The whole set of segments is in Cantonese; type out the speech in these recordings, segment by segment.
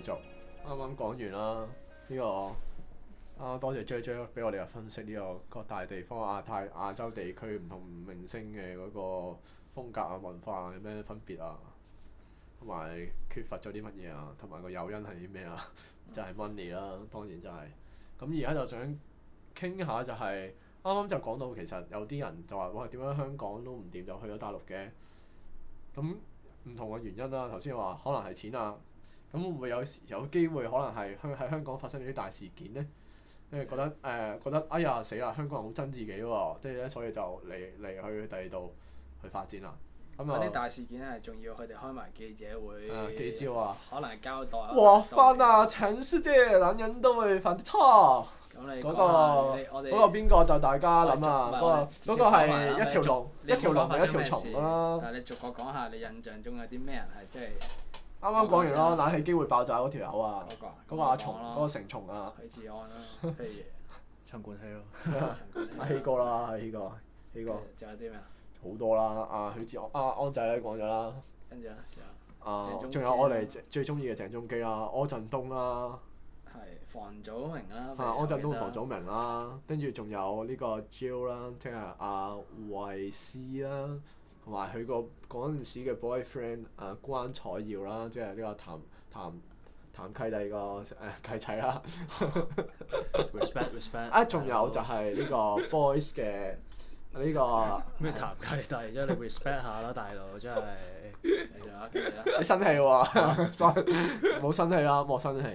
繼續，啱啱講完啦，呢、這個啊多謝 JJ 俾我哋分析呢個各大地方、亞太、亞洲地區唔同明星嘅嗰個風格啊、文化啊、有咩分別啊，同埋缺乏咗啲乜嘢啊，同埋個誘因係啲咩啊？ 就係 money 啦、啊，當然就係、是。咁而家就想傾下、就是，剛剛就係啱啱就講到，其實有啲人就話哇，哎、點解香港都唔掂就去咗大陸嘅？咁唔同嘅原因啦、啊，頭先話可能係錢啊。咁會唔會有時有機會可能係香喺香港發生咗啲大事件咧？因為的覺得誒、呃、覺得哎呀死啦！香港人好憎自己喎，即係咧，所以就嚟嚟去第二度去發展啦。咁啊啲大事件咧，仲要佢哋開埋記者會，記招啊？可能交代翻、嗯、啊，啊，陳師姐兩人都會犯啲錯。咁你講下你我嗰個邊個就大家諗啊？嗰們、那個嗰係們一條龍一條龍一條蟲咯。但係你逐個講下你印象中有啲咩人係即係？啱啱講完咯，冷氣機會爆炸嗰條友啊，嗰個阿松啦，嗰個成松啊，許志安啦，咩嘢？陳冠希咯，阿希哥啦，阿希哥，希哥。仲有啲咩啊？好多啦，阿許志安，阿安仔咧講咗啦。跟住咧，仲有我哋最中意嘅鄭中基啦，柯震東啦，係房祖名啦。係柯震東、房祖名啦，跟住仲有呢個 Jill 啦，即係阿維斯啦。同埋佢個嗰陣時嘅 boyfriend 啊，關彩耀啦，即係呢個譚譚譚契弟個誒契仔啦，respect respect 啊，仲有就係呢個 boys 嘅呢個咩譚契弟，即係你 respect 下啦，大佬真係。你生氣喎，所以冇生氣啦，莫生氣。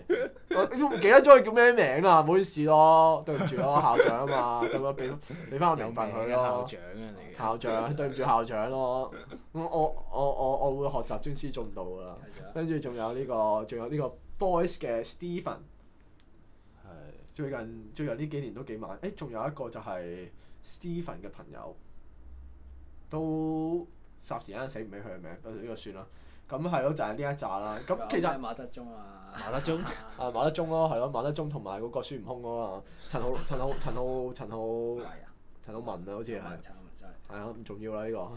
我唔記得咗佢叫咩名啦，啊，唔好意思，啊啊啊，咯，對唔住咯，校長啊嘛，咁我俾，俾翻我名份佢咯。校長啊校長，對唔住校長咯。 我我我我我會學習尊師重道噶啦。跟住仲有呢，這個，仲有呢個 Boys 嘅 Steven。係最近最近呢幾年都幾猛，誒，欸，仲有一個就係 Steven 嘅朋友都。霎時間死唔起佢嘅名，咁呢個算啦。咁係咯，就係呢一紮啦。咁其實馬德鐘啊，馬德鐘啊，馬德鐘咯，係咯，馬德鐘同埋嗰個孫悟空啊嘛，陳浩、陳浩、陳浩、陳浩，係陳浩文啊，好似係，係啊，唔重要啦呢個。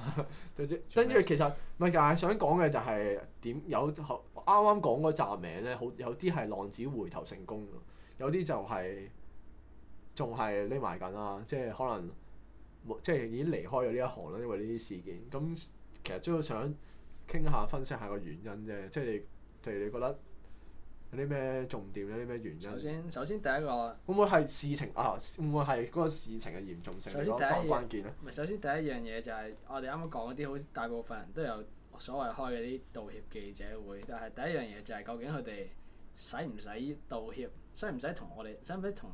跟住，跟住其實，咪就係想講嘅就係點有啓啱啱講嗰紮名咧，好有啲係浪子回頭成功嘅，有啲就係仲係匿埋緊啦，即係可能冇，即係已經離開咗呢一行啦，因為呢啲事件咁。其實主要想傾下分析下個原因啫，即係你，即係你覺得有啲咩重點，有啲咩原因？首先，首先第一個會唔會係事情啊？會唔會係嗰個事情嘅嚴重性首先第一個關鍵咧？唔係首，首先第一樣嘢就係我哋啱啱講嗰啲，好大部分人都有所謂開嗰啲道歉記者會，但係第一樣嘢就係究竟佢哋使唔使道歉，使唔使同我哋，使唔使同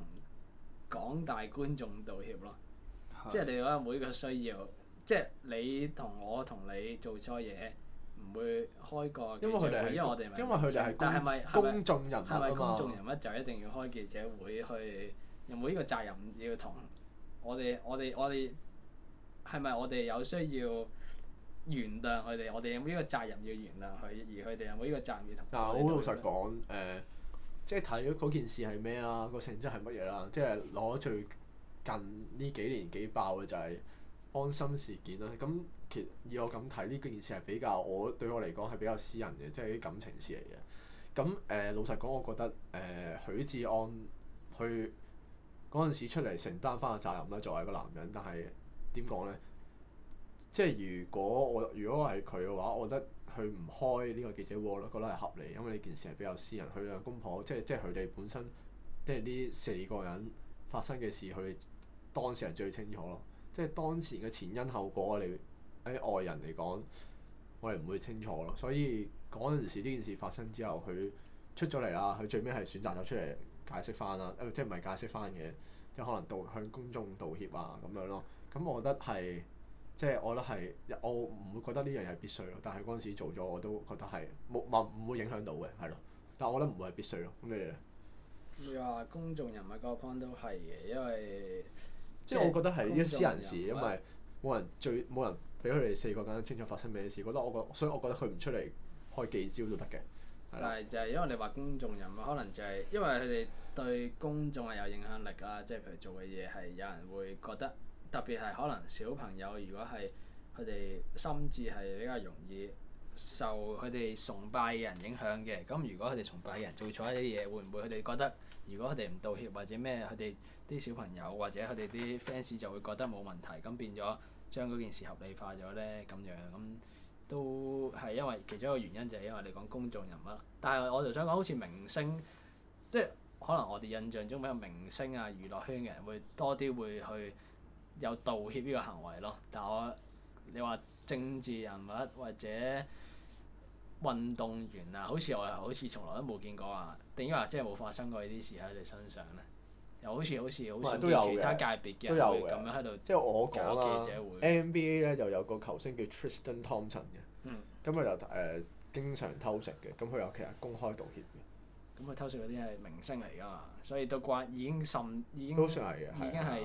廣大觀眾道歉咯？的即係你覺得每個需要。即係你同我同你做錯嘢，唔會開個記者會，因為，因為我哋因為佢哋係公眾人物啊嘛。但係咪公眾人物就一定要開記者會去？有冇呢個責任要同我哋、嗯？我哋我哋係咪我哋有需要原諒佢哋？我哋有冇呢個責任要原諒佢？而佢哋有冇呢個責任要同？嗱，我好老實講，誒，即係睇嗰件事係咩啊？個性質係乜嘢啦？即係攞最近呢幾年幾爆嘅就係、是。安心事件啦，咁其實以我咁睇呢件事係比較我對我嚟講，係比較私人嘅，即係啲感情事嚟嘅。咁誒、呃、老實講，我覺得誒、呃、許志安佢嗰陣時出嚟承擔翻個責任啦，作為一個男人，但係點講咧？即係如果我如果係佢嘅話，我覺得佢唔開呢個記者會咯，我覺得係合理，因為呢件事係比較私人。佢兩公婆即係即係佢哋本身，即係呢四個人發生嘅事，佢哋當時，係最清楚咯。即係當前嘅前因後果，我哋喺外人嚟講，我哋唔會清楚咯。所以嗰陣時呢件事發生之後，佢出咗嚟啦，佢最尾係選擇咗出嚟解釋翻啦、呃，即係唔係解釋翻嘅，即係可能道向公眾道歉啊咁樣咯。咁我覺得係，即係我覺得係，我唔會覺得呢樣嘢係必須咯。但係嗰陣時做咗，我都覺得係冇冇唔會影響到嘅，係咯。但係我覺得唔會係必須咯。咁你哋咧？你話公眾人物各方都係嘅，因為。即係我覺得係呢啲私人事，人因為冇人、哎、最冇人俾佢哋四個更加清楚發生咩事。我覺得我覺，所以我覺得佢唔出嚟開記招都得嘅。但係就係因為你話公眾人物，可能就係因為佢哋對公眾係有影響力啊。即係譬如做嘅嘢係有人會覺得特別係可能小朋友，如果係佢哋心智係比較容易受佢哋崇拜嘅人影響嘅。咁如果佢哋崇拜嘅人做錯一啲嘢，會唔會佢哋覺得？如果佢哋唔道歉或者咩，佢哋啲小朋友或者佢哋啲 fans 就會覺得冇問題，咁變咗將嗰件事合理化咗咧，咁樣，咁都係因為其中一個原因就係因為你講公眾人物，但係我就想講好似明星，即係可能我哋印象中比較明星啊娛樂圈嘅人會多啲會去有道歉呢個行為咯，但係我你話政治人物或者運動員啊，好似我又好似從來都冇見過啊，定係話即係冇發生過呢啲事喺你身上咧？又好似好似好似都有其他界別嘅人都有咁樣喺度，即係我講啦。NBA 咧就有個球星叫 Tristan Thompson 嘅、嗯，咁佢又誒經常偷食嘅，咁佢又其實公開道歉嘅。咁佢、嗯、偷食嗰啲係明星嚟㗎嘛，所以都關已經甚已經都算係嘅，已經係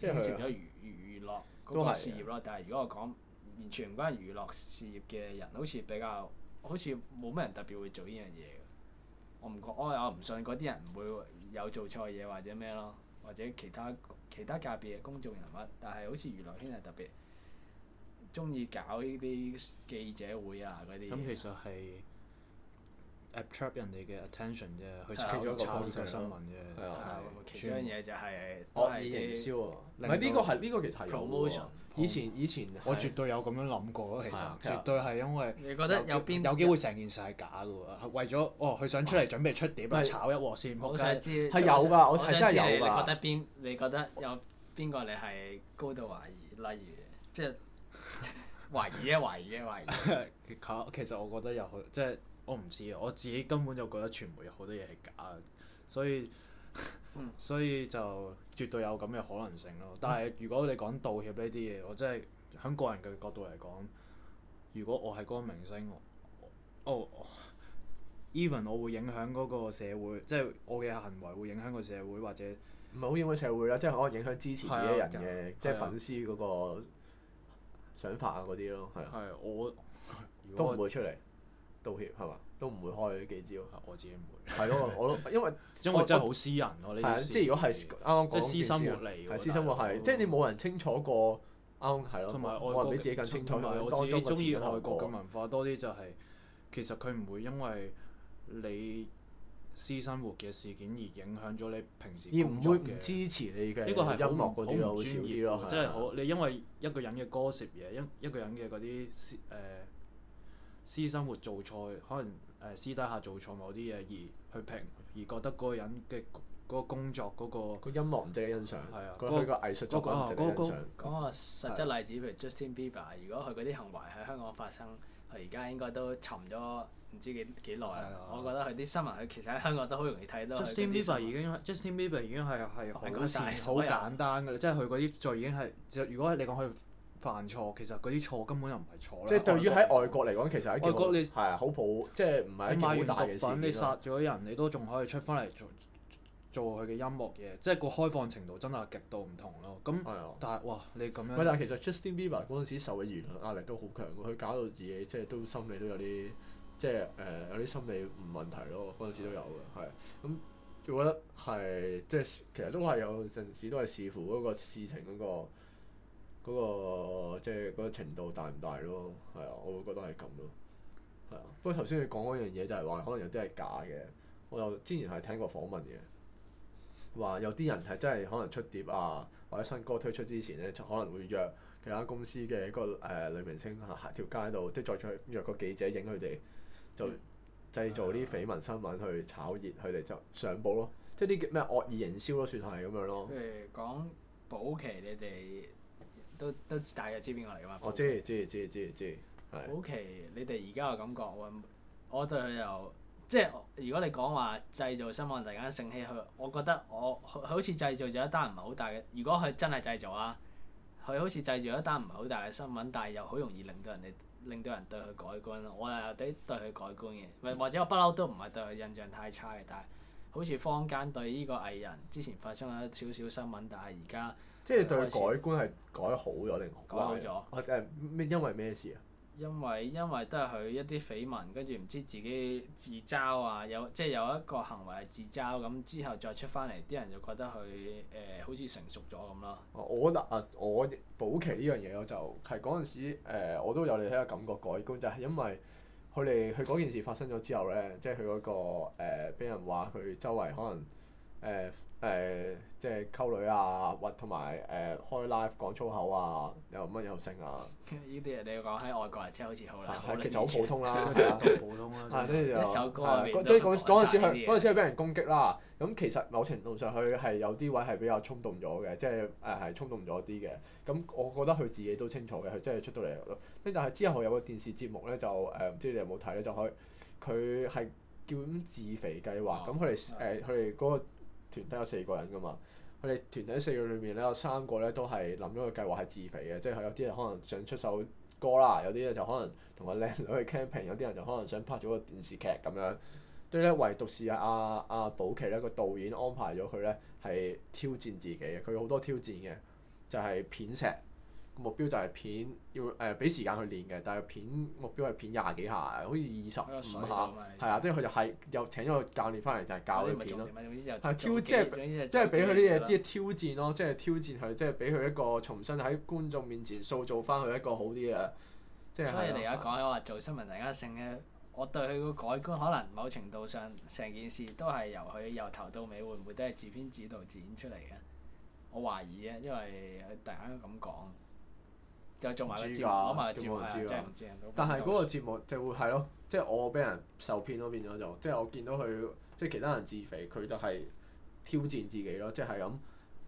變成咗娛娛樂嗰個事業咯。但係如果我講完全唔關娛樂事業嘅人，好似比較。好似冇咩人特別會做呢樣嘢，我唔覺、哎，我又唔信嗰啲人唔會有做錯嘢或者咩咯，或者其他其他界別嘅公眾人物，但係好似娛樂圈係特別中意搞呢啲記者會啊嗰啲。咁、嗯、其實係。attract 人哋嘅 attention 啫，佢取咗一個輻射新聞啫。係啊，呢樣嘢就係惡意營銷喎。唔係呢個係呢個其實 promotion 以前以前我絕對有咁樣諗過咯，其實絕對係因為你覺得有邊有機會成件事係假㗎喎？為咗哦，佢想出嚟準備出碟，炒一鑊先。我想知，係有㗎，我係真係有㗎。你覺得邊？你覺得有邊個你係高度懷疑？例如，即係懷疑呀懷疑呀懷疑。其實其實我覺得有好即係。我唔知啊，我自己根本就覺得傳媒有好多嘢係假，所以、嗯、所以就絕對有咁嘅可能性咯。但係如果你講道歉呢啲嘢，我真係喺個人嘅角度嚟講，如果我係嗰個明星，哦，even 我會影響嗰個社會，即係我嘅行為會影響個社會或者唔係好影響社會啦，即係可能影響支持自己的人嘅，即係粉絲嗰個想法啊嗰啲咯，係啊，係我都唔會出嚟道歉係嘛？都唔會開呢幾招，我自己唔會。係咯，我都因為因為真係好私人咯呢啲。即係如果係啱啱講。即係私生活嚟，私生活係，即係你冇人清楚過啱係咯，同埋外國比自己更清楚。我自己中意外國嘅文化多啲，就係其實佢唔會因為你私生活嘅事件而影響咗你平時。而唔會唔支持你嘅。呢個係音樂嗰啲好專業咯，即係好你因為一個人嘅 gossip 嘢，一一個人嘅嗰啲私私生活做錯，可能誒私底下做錯某啲嘢，而去評而覺得嗰個人嘅嗰個工作嗰、嗰個，音樂唔值得欣賞，係啊的，覺得佢、嗰個、個藝術作品唔值得欣賞。講、嗰個嗰個嗰個、實質例子，譬如 Justin Bieber，如果佢嗰啲行為喺香港發生，佢而家應該都沉咗唔知幾幾耐啊！我覺得佢啲新，新聞，佢其實喺香港都好容易睇到。Justin Bieber 已經，Justin Bieber 已經係係係咁事，好簡單㗎啦，即係佢嗰啲就已經係，就如果你講佢。 犯錯其實嗰啲錯根本又唔係錯啦。即係對於喺外國嚟講，你其實係好係啊，好普即係唔係一件大嘅事。賣完毒品，你殺咗人，你都仲可以出翻嚟做做佢嘅音樂嘅。即係個開放程度真係極度唔同咯。咁，但係哇，你咁樣，但係其實 Justin Bieber 嗰陣時受嘅輿論壓力都好強，佢搞到自己即係都心理都有啲即係誒、呃、有啲心理唔問題咯。嗰陣時都有嘅，係咁，我、嗯、覺得係即係其實都係有陣時都係視乎嗰個事情嗰個嗰個。那個那個即係嗰個程度大唔大咯？係啊，我會覺得係咁咯。係啊的，不過頭先你講嗰樣嘢就係、是、話，可能有啲係假嘅。我又之前係聽過訪問嘅，話有啲人係真係可能出碟啊，或者新歌推出之前咧，可能會約其他公司嘅一個誒女明星行條街度，即係再出去約個記者影佢哋，就製造啲緋聞新聞去炒熱佢哋，就上報咯。的即係啲叫咩惡意營銷咯，算係咁樣咯。譬如講保期，你哋。都都大約知邊個嚟噶嘛？我知知知知知，好奇你哋而家嘅感覺我，我對佢又即係如果你講話製造新聞突然間醒起佢。我覺得我好似製造咗一單唔係好大嘅。如果佢真係製造啊，佢好似製造咗一單唔係好大嘅新聞，但係又好容易令到人哋令到人對佢改觀咯。我又有啲對佢改觀嘅，或者我不嬲都唔係對佢印象太差嘅，但係好似坊間對呢個藝人之前發生咗少少新聞，但係而家。即係對改觀係改好咗定？改好咗，誒咩？因為咩事啊？因為因為都係佢一啲緋聞，跟住唔知自己自嘲啊，有即係有一個行為係自嘲，咁之後再出翻嚟，啲人就覺得佢誒、呃、好似成熟咗咁咯。我覺得啊，我保錡呢樣嘢我就係嗰陣時、呃、我都有你睇下感覺改觀，就係、是、因為佢哋佢嗰件事發生咗之後咧，即係佢嗰個誒俾、呃、人話佢周圍可能誒。呃誒，即係溝女啊，或同埋誒開 live 講粗口啊，又乜又剩啊！依啲人你講喺外國，真係好似好難，其實好普通啦，普通啦，就，即係嗰陣時佢嗰陣時佢俾人攻擊啦。咁其實某程度上佢係有啲位係比較衝動咗嘅，即係誒係衝動咗啲嘅。咁我覺得佢自己都清楚嘅，佢真係出到嚟。咁但係之後有個電視節目咧，就誒唔知你有冇睇咧？就佢佢係叫自肥計劃。咁佢哋誒佢哋嗰團體有四個人㗎嘛，佢哋團體四個裏面咧有三個咧都係諗咗個計劃係自肥嘅，即係佢有啲人可能想出首歌啦，有啲人就可能同個靚女去 camping，有啲人就可能想拍咗個電視劇咁樣。所以咧，唯獨是阿阿寶琪咧個導演安排咗佢咧係挑戰自己嘅，佢有好多挑戰嘅，就係、是、片石。目標就係片要誒俾時間去練嘅，但係片目標係片廿幾下，好似二十五下，係啊、就是，跟住佢就係又請咗個教練翻嚟就係教你片咯，係挑即係即係俾佢啲嘢啲挑戰咯，即、就、係、是、挑戰佢，即係俾佢一個重新喺觀眾面前塑造翻佢一個好啲嘅。就是、是所以你而家講話做新聞，大家性嘅，我對佢嘅改觀可能某程度上成件事都係由佢由頭到尾會唔會都係自編自導自演出嚟嘅？我懷疑啊，因為大家咁講。就做埋啲節目，冇人知喎，但係嗰個節目就會係咯，即係、就是、我俾人受騙咯，變咗就即係、就是、我見到佢，即、就、係、是、其他人自肥，佢就係挑戰自己咯，即係咁，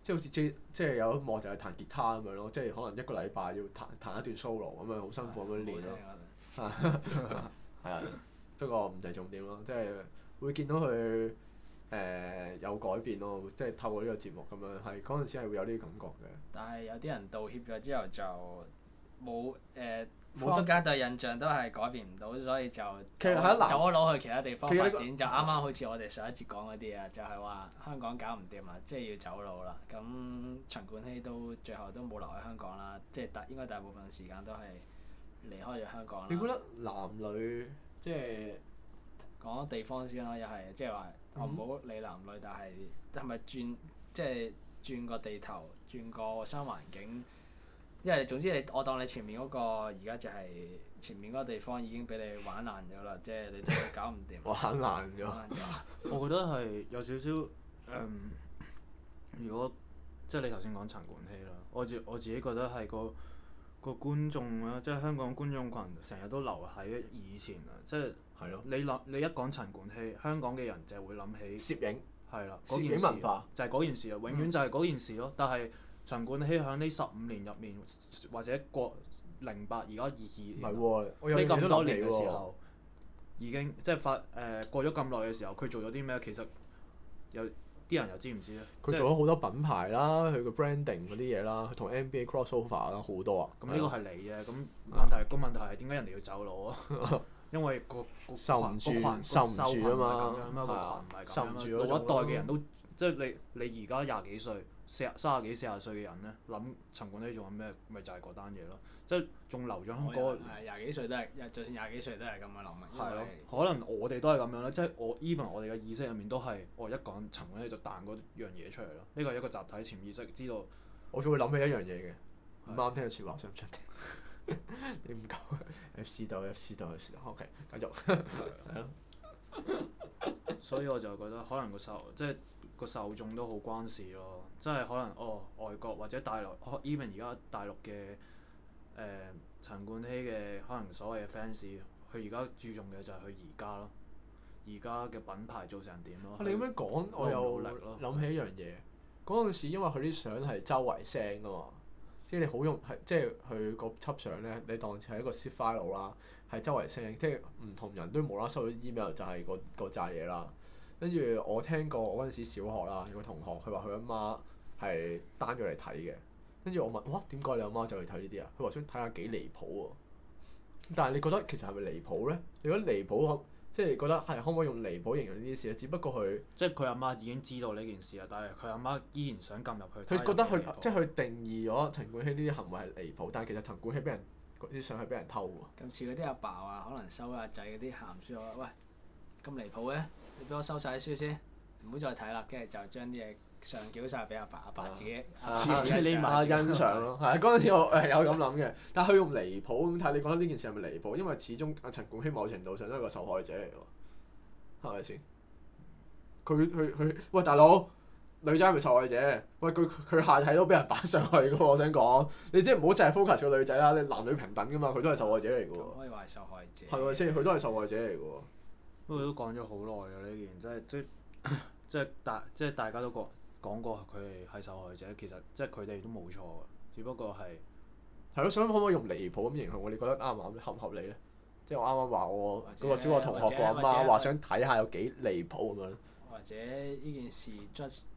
即係好似即即係有一幕就係彈吉他咁樣咯，即、就、係、是、可能一個禮拜要彈彈一段 solo 咁樣，好辛苦咁練咯。係啊、哎，不過唔係重點咯，即、就、係、是、會見到佢誒、呃、有改變咯，即、就、係、是、透過呢個節目咁樣，係嗰陣時係會有啲感覺嘅。但係有啲人道歉咗之後就。冇誒，冇得加對印象都係改變唔到，所以就走咗佬去其他地方發展。這個、就啱啱好似我哋上一節講嗰啲啊，就係、是、話香港搞唔掂啊，即、就、係、是、要走佬啦。咁陳冠希都最後都冇留喺香港啦，即、就、係、是、大應該大部分時間都係離開咗香港啦。你覺得男女即係、就是、講地方先啦，又係即係話我唔好理男女，嗯、但係係咪轉即係、就是、轉個地頭，轉個新環境？因為總之你，我當你前面嗰、那個而家就係前面嗰個地方已經俾你玩爛咗啦， 即係你都搞唔掂。 玩爛咗。 我覺得係有少少誒、嗯，如果即係你頭先講陳冠希啦，我自我自己覺得係個個觀眾啦、啊，即係香港觀眾群成日都留喺以前啊，即係。係咯。你諗你一講陳冠希，香港嘅人就會諗起。攝影。係啦。攝影文化。就係嗰件事啊，永遠就係嗰件事咯，嗯、但係。陳冠希喺呢十五年入面，或者過零八而家二二年，呢咁多年嘅時候，你啊、已經即係發誒、呃、過咗咁耐嘅時候，佢做咗啲咩？其實有啲人又知唔知咧？佢他、就是、做咗好多品牌啦，佢個 branding 嗰啲嘢啦，佢同 NBA crossover 啦好多啊。咁呢個係你嘅。咁問題個問題係點解人哋要走佬啊？ 因為、嗰個個羣受唔住啊嘛。咁受唔住啊嘛。老一代嘅人都、嗯、即係你，你而家廿幾歲。四、三十幾四十歲嘅人咧，諗陳冠希做緊咩？咪就係嗰單嘢咯，即係仲留咗喺嗰個。係廿幾歲都係，就算廿幾歲都係咁樣諗。係咯為，可能我哋都係咁樣啦。即係我 even 我哋嘅意識入面都係，我一講陳冠希就彈嗰樣嘢出嚟咯。呢個係一個集體潛意識，知道我仲會諗起一樣嘢嘅。唔啱是的 聽嘅説話，想唔想聽？ 你唔夠，F C 豆，F C 豆，O K，繼續。係咯。所以我就覺得，可能個受，即係個受眾都好關事咯。即係可能哦，外國或者大陸，even 而家大陸嘅誒陳冠希嘅可能所謂嘅 fans，佢而家注重嘅就係佢而家咯，而家嘅品牌做成點咯。你咁樣講，我有諗起一樣嘢。嗰陣時因為佢啲相係周圍 send 噶嘛，即係你好用係即係佢個輯相咧，你當似係一個 file 啦，係周圍 send，即係唔同人都冇啦啦收到 email 就係嗰嗰扎嘢啦。跟住我聽過，我嗰陣時小學啦，有個同學佢話佢阿媽。係單咗嚟睇嘅，跟住我問：哇，點解你阿媽就去睇呢啲啊？佢話想睇下幾離譜喎。但係你覺得其實係咪離譜咧？如果離譜即係你覺得離譜即係覺得係可唔可以用離譜形容呢啲事咧？只不過佢即係佢阿媽已經知道呢件事啊，但係佢阿媽依然想撳入去。佢覺得佢即係佢定義咗陳冠希呢啲行為係離譜，但係其實陳冠希俾人啲相俾人偷喎。咁似嗰啲阿爸啊，可能收阿仔嗰啲鹹書啊，喂咁離譜嘅，你俾我收晒啲書先，唔好再睇啦，跟住就將啲嘢，上繳晒俾阿爸，阿爸自己黐住黐埋，欣賞咯。係嗰陣時我係有咁諗嘅，但係佢用離譜咁睇。你覺得呢件事係咪離譜？因為始終阿陳冠希某程度上都係一個受害者嚟喎，係咪先？佢佢佢喂，大佬女仔係咪受害者？喂佢佢下體都俾人擺上去嘅喎，我想講，你即係唔好淨係 focus 個女仔啦，你男女平等㗎嘛，佢都係受害者嚟嘅喎。啊、可以話係受害者係咪先？佢都係受害者嚟嘅喎。不過都講咗好耐㗎呢件，真係即即大即，即大家都覺。講過佢哋係受害者，其實即係佢哋都冇錯嘅，只不過係係咯，想，想可唔可以用離譜咁形容，你覺得啱唔啱合唔合理咧？即係我啱啱話我嗰個小學同學個阿媽話想睇下有幾離譜咁樣。或者呢件事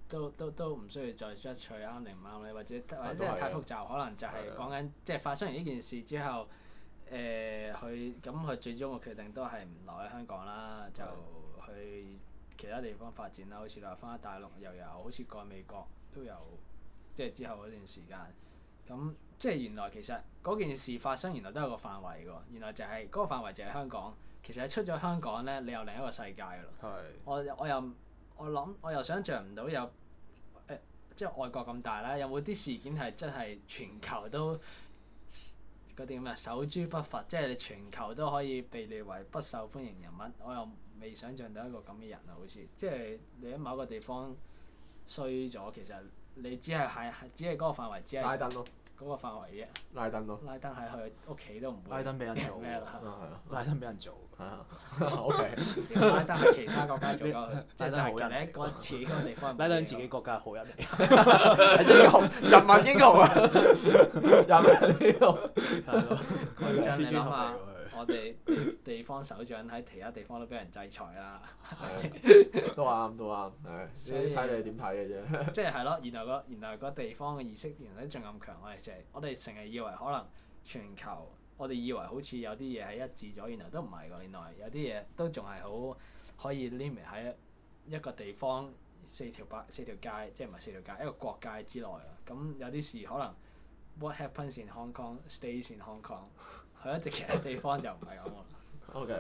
都都都唔需要再 jud 取啱定唔啱咧，或者，或者，或，者或者太複雜，複雜可能就係講緊即係發生完呢件事之後，誒佢咁佢最終嘅決定都係唔留喺香港啦，就去。其他地方發展啦，好似話翻喺大陸又又好似過美國都有，即係之後嗰段時間咁，即係原來其實嗰件事發生原來都有個範圍㗎，原來就係、是、嗰、那個範圍就係香港。其實出咗香港呢，你又另一個世界㗎咯。係是。我又我又我諗我又想像唔到有、哎、即係外國咁大啦，有冇啲事件係真係全球都嗰啲咁嘅守株不伐，即係你全球都可以被列為不受歡迎人物？我又。未想象到一個咁嘅人啊，好似即係你喺某個地方衰咗，其實你只係係只係嗰個範圍，只係拉登咯，嗰個範圍啫。拉登咯。拉登喺佢屋企都唔會。拉登俾人做咩啦？拉登俾人做。係啊。O K。拉登係其他國家做過，拉登係好人一個自己嘅地方。拉登自己國家係好人嚟，係英雄，人民英雄啊！人民英雄。係咯。講真嘅，老媽。我哋地方首長喺其他地方都俾人制裁啦， 都啱，都啱，係，依睇你點睇嘅啫。即係係咯，原來個原來個地方嘅意識原來仲咁強，我哋成我哋成日以為可能全球，我哋以為好似有啲嘢係一致咗，原來都唔係㗎。原來有啲嘢都仲係好可以 limit 喺一個地方四條八四條街，即係唔係四條街一個國界之內啊。咁有啲事可能 What happens in Hong Kong stays in Hong Kong。去一啲其他地方就唔係咁喎。OK，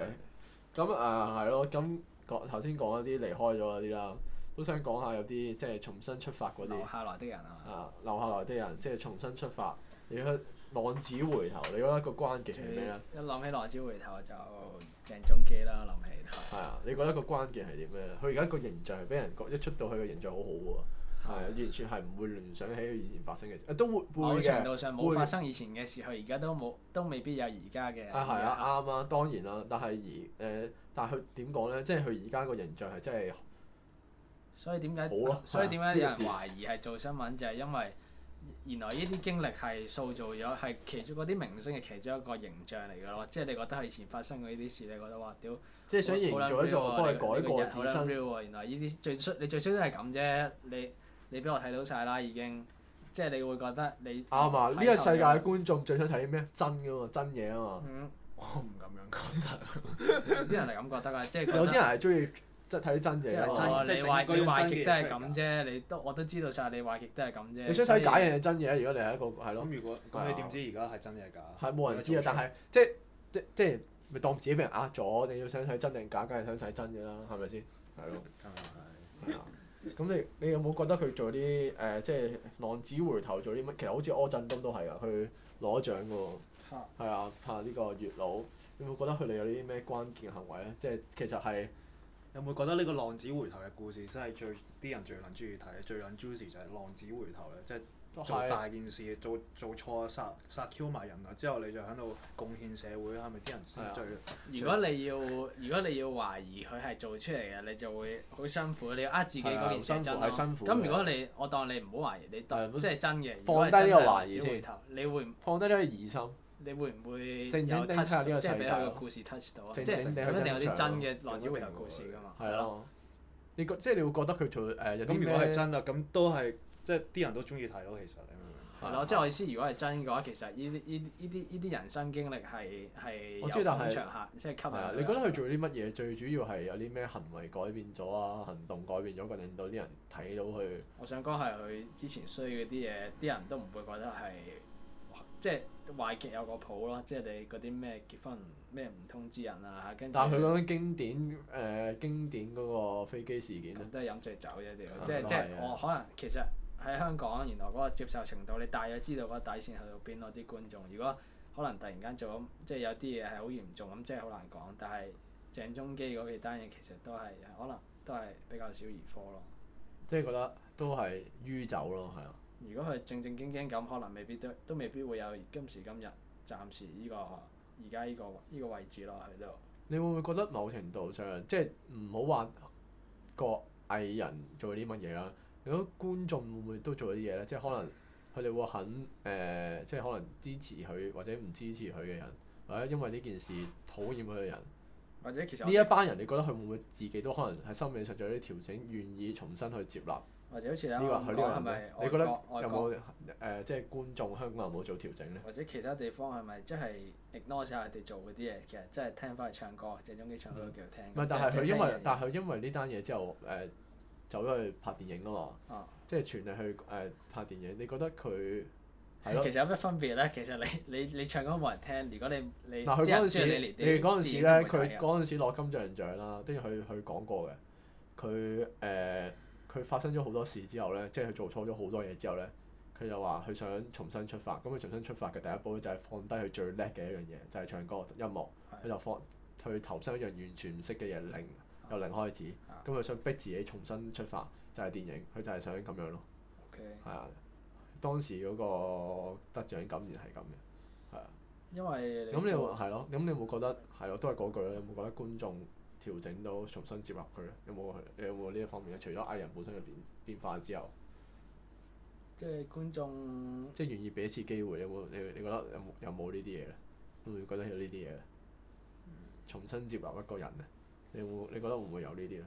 咁誒係咯，咁講頭先講一啲離開咗嗰啲啦，都想講下有啲即係重新出發嗰啲。留下來的人啊。啊，留下來的人即係重新出發，你覺得浪子回頭，你覺得個關鍵係咩咧？一諗起浪子回頭就鄭中基啦，諗起。係啊，你覺得個關鍵係點咧？佢而家個形象俾人覺一出到去個形象好好、啊、喎。係完全係唔會聯想起以前發生嘅事，都會會嘅。某程度上冇發生以前嘅事，佢而家都冇，都未必有而家嘅。啊，係啊，啱啊，當然啦。但係而誒，但係佢點講咧？即係佢而家個形象係真係。所以點解？所以點解有人懷疑係做新聞就係因為原來呢啲經歷係塑造咗係其中嗰啲明星嘅其中一個形象嚟㗎咯？即係你覺得係以前發生過呢啲事，你覺得話屌，即係想做一做幫佢改過自身原來呢啲最衰，你最衰都係咁啫，你。你俾我睇到晒啦，已經，即係你會覺得你啱啊！呢個世界嘅觀眾最想睇啲咩？真噶嘛，真嘢啊嘛。我唔咁樣講，啲人係咁覺得啊，即係有啲人係中意即係睇啲真嘢。真，即係整啲懷極都係咁啫。你都我都知道晒你懷極都係咁啫。你想睇假嘢定真嘢？如果你係一個係咯，咁如果咁你點知而家係真嘢假？係冇人知啊！但係即係即係，咪當自己俾人呃咗？你要想睇真定假，梗係想睇真嘅啦，係咪先？係咯。啱啊！咁你你有冇覺得佢做啲誒、呃，即係浪子回頭做啲乜？其實好似柯震東都係啊，去攞獎嘅喎。係啊，拍呢個月老，你有冇覺得佢哋有啲咩關鍵行為咧？即係其實係有冇覺得呢個浪子回頭嘅故事真係最啲人最撚中意睇，最撚 juicy 就係浪子回頭咧，即係。做大件事，做做錯殺殺 kill 埋人啊！之後你就喺度貢獻社會，係咪啲人先最？如果你要，如果你要懷疑佢係做出嚟嘅，你就會好辛苦，你要呃住自己嗰件事真辛苦。咁如果你我當你唔好懷疑，你當即係真嘅。放低呢個懷疑先，你會放低呢個疑心。你會唔會即係俾佢個故事 touch 到啊！即係佢一定有啲真嘅浪子回頭故事㗎嘛？係咯，你覺即係你會覺得佢做咁如果係真啊，咁都係。即係啲人都中意睇咯，其實係咯，即係我意思，如果係真嘅話，其實呢啲呢啲呢啲人生經歷係我有粉腸客，是即係吸引。你覺得佢做啲乜嘢最主要係有啲咩行為改變咗啊？行動改變咗，令到啲人睇到佢。我想講係佢之前衰嗰啲嘢，啲、嗯、人都唔會覺得係即係壞極有個譜咯。即係你嗰啲咩結婚咩唔通知人啊？但係佢嗰啲經典誒、呃、經典嗰個飛機事件，都係飲醉酒啫，即係是即係我可能其實。喺香港，原來嗰個接受程度，你大約知道嗰底線去到邊咯，啲觀眾。如果可能突然間做咗，即係有啲嘢係好嚴重咁，即係好難講。但係鄭中基嗰幾單嘢其實都係可能都係比較少兒科咯。即係覺得都係於走咯，係啊。如果佢正正經經咁，可能未必都都未必會有今時今日暫時呢個而家呢個呢個位置咯佢都，你會唔會覺得某程度上即係唔好話個藝人做啲乜嘢啦？如果觀眾會唔會都做咗啲嘢咧？即係可能佢哋會肯，誒、呃，即係可能支持佢或者唔支持佢嘅人，或者因為呢件事討厭佢嘅人。或者其實呢一班人，你覺得佢會唔會自己都可能喺心理上做啲調整，願意重新去接納這個？或者好似呢個佢哋係咪？是是你覺得有冇誒、呃，即係觀眾香港人冇做調整咧？或者其他地方係咪即係 ignore 曬佢哋做嗰啲嘢？其實即係聽翻佢唱歌，鄭中基唱歌都繼續聽。唔、嗯就是、但係佢因為但係佢因為呢單嘢之後誒。呃呃走咗去拍電影啦嘛，啊、即係全力去誒、呃、拍電影。你覺得佢係咯？其實有咩分別咧？其實你你你唱歌冇人聽，如果你你嗱佢嗰陣時，你如果嗰陣時咧，佢嗰陣時攞金像獎啦，跟住佢佢講過嘅，佢誒佢發生咗好多事之後咧，即係佢做錯咗好多嘢之後咧，佢就話佢想重新出發。咁佢重新出發嘅第一步就係放低佢最叻嘅一樣嘢，就係、是、唱歌音樂，佢是的 就放佢投身一樣完全唔識嘅嘢零。由零開始，咁佢、啊、想逼自己重新出發，就係、是、電影，佢就係想咁樣咯。OK，係啊，當時嗰個得獎感言係咁嘅，係啊。因為咁你係咯，咁你，你有冇覺得係咯？都係嗰句咧。你有冇覺得觀眾調整到重新接納佢咧？有冇？你有冇呢一方面咧？除咗藝人本身嘅變變化之後，即係觀眾，即係願意俾一次機會咧？會你有有你，你覺得有冇呢啲嘢咧？會唔會覺得有呢啲嘢咧？嗯、重新接納一個人咧？你會，你覺得會唔會有呢啲呢？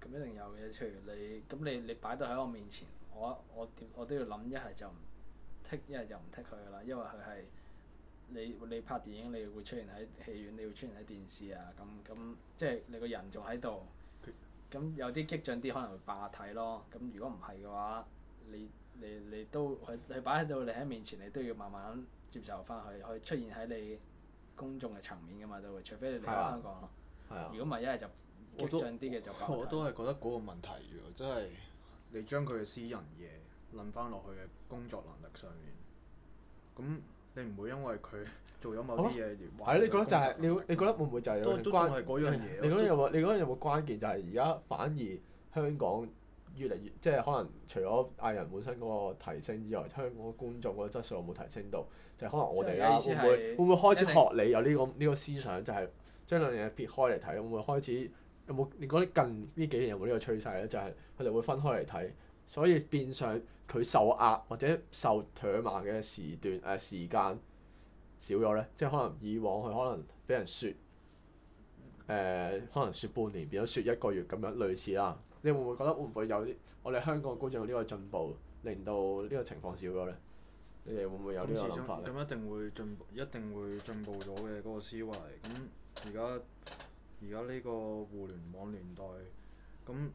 咁一定有嘅，譬如你咁，你你擺到喺我面前，我我點我都要諗一係就唔剔，一係就唔剔佢噶啦，因為佢係你你拍電影，你會出現喺戲院，你會出現喺電視啊，咁咁即係你個人仲喺度，咁有啲激進啲可能會罷睇咯。咁如果唔係嘅話，你你你都佢佢擺喺度，你喺面前，你都要慢慢接受返佢，佢出現喺你公眾嘅層面㗎嘛都會，除非你離開香港。係啊！如果唔係一係就激進啲嘅就我都係覺得嗰個問題，如果真、就、係、是、你將佢嘅私人嘢諗翻落去嘅工作能力上面，咁你唔會因為佢做咗某啲嘢而係你覺得就係、是、你你覺得會唔會就係關？都都係嗰樣嘢、啊。對你覺得有冇對你覺得有冇關鍵？就係而家反而香港越嚟越即係、就是、可能除咗藝人本身嗰個提升之外，香港觀眾嘅質素有冇提升到？就係、是、可能我哋啦、啊，會唔會會唔會開始學有、這個、你有呢個呢個思想？就係、是。將兩樣嘢撇開嚟睇，會唔會開始有冇？你覺得近呢幾年有冇呢個趨勢咧？就係佢哋會分開嚟睇，所以變相佢受壓或者受錘慢嘅時段誒、呃、時間少咗咧。即係可能以往佢可能俾人説誒、呃，可能説半年變咗説一個月咁樣類似啦。你會唔會覺得會唔會有啲我哋香港觀眾有呢個進步，令到呢個情況少咗咧？你哋會唔會有個想呢個諗法？咁一定會進步，一定會進步咗嘅嗰個思維咁。而家而家呢個互聯網年代，咁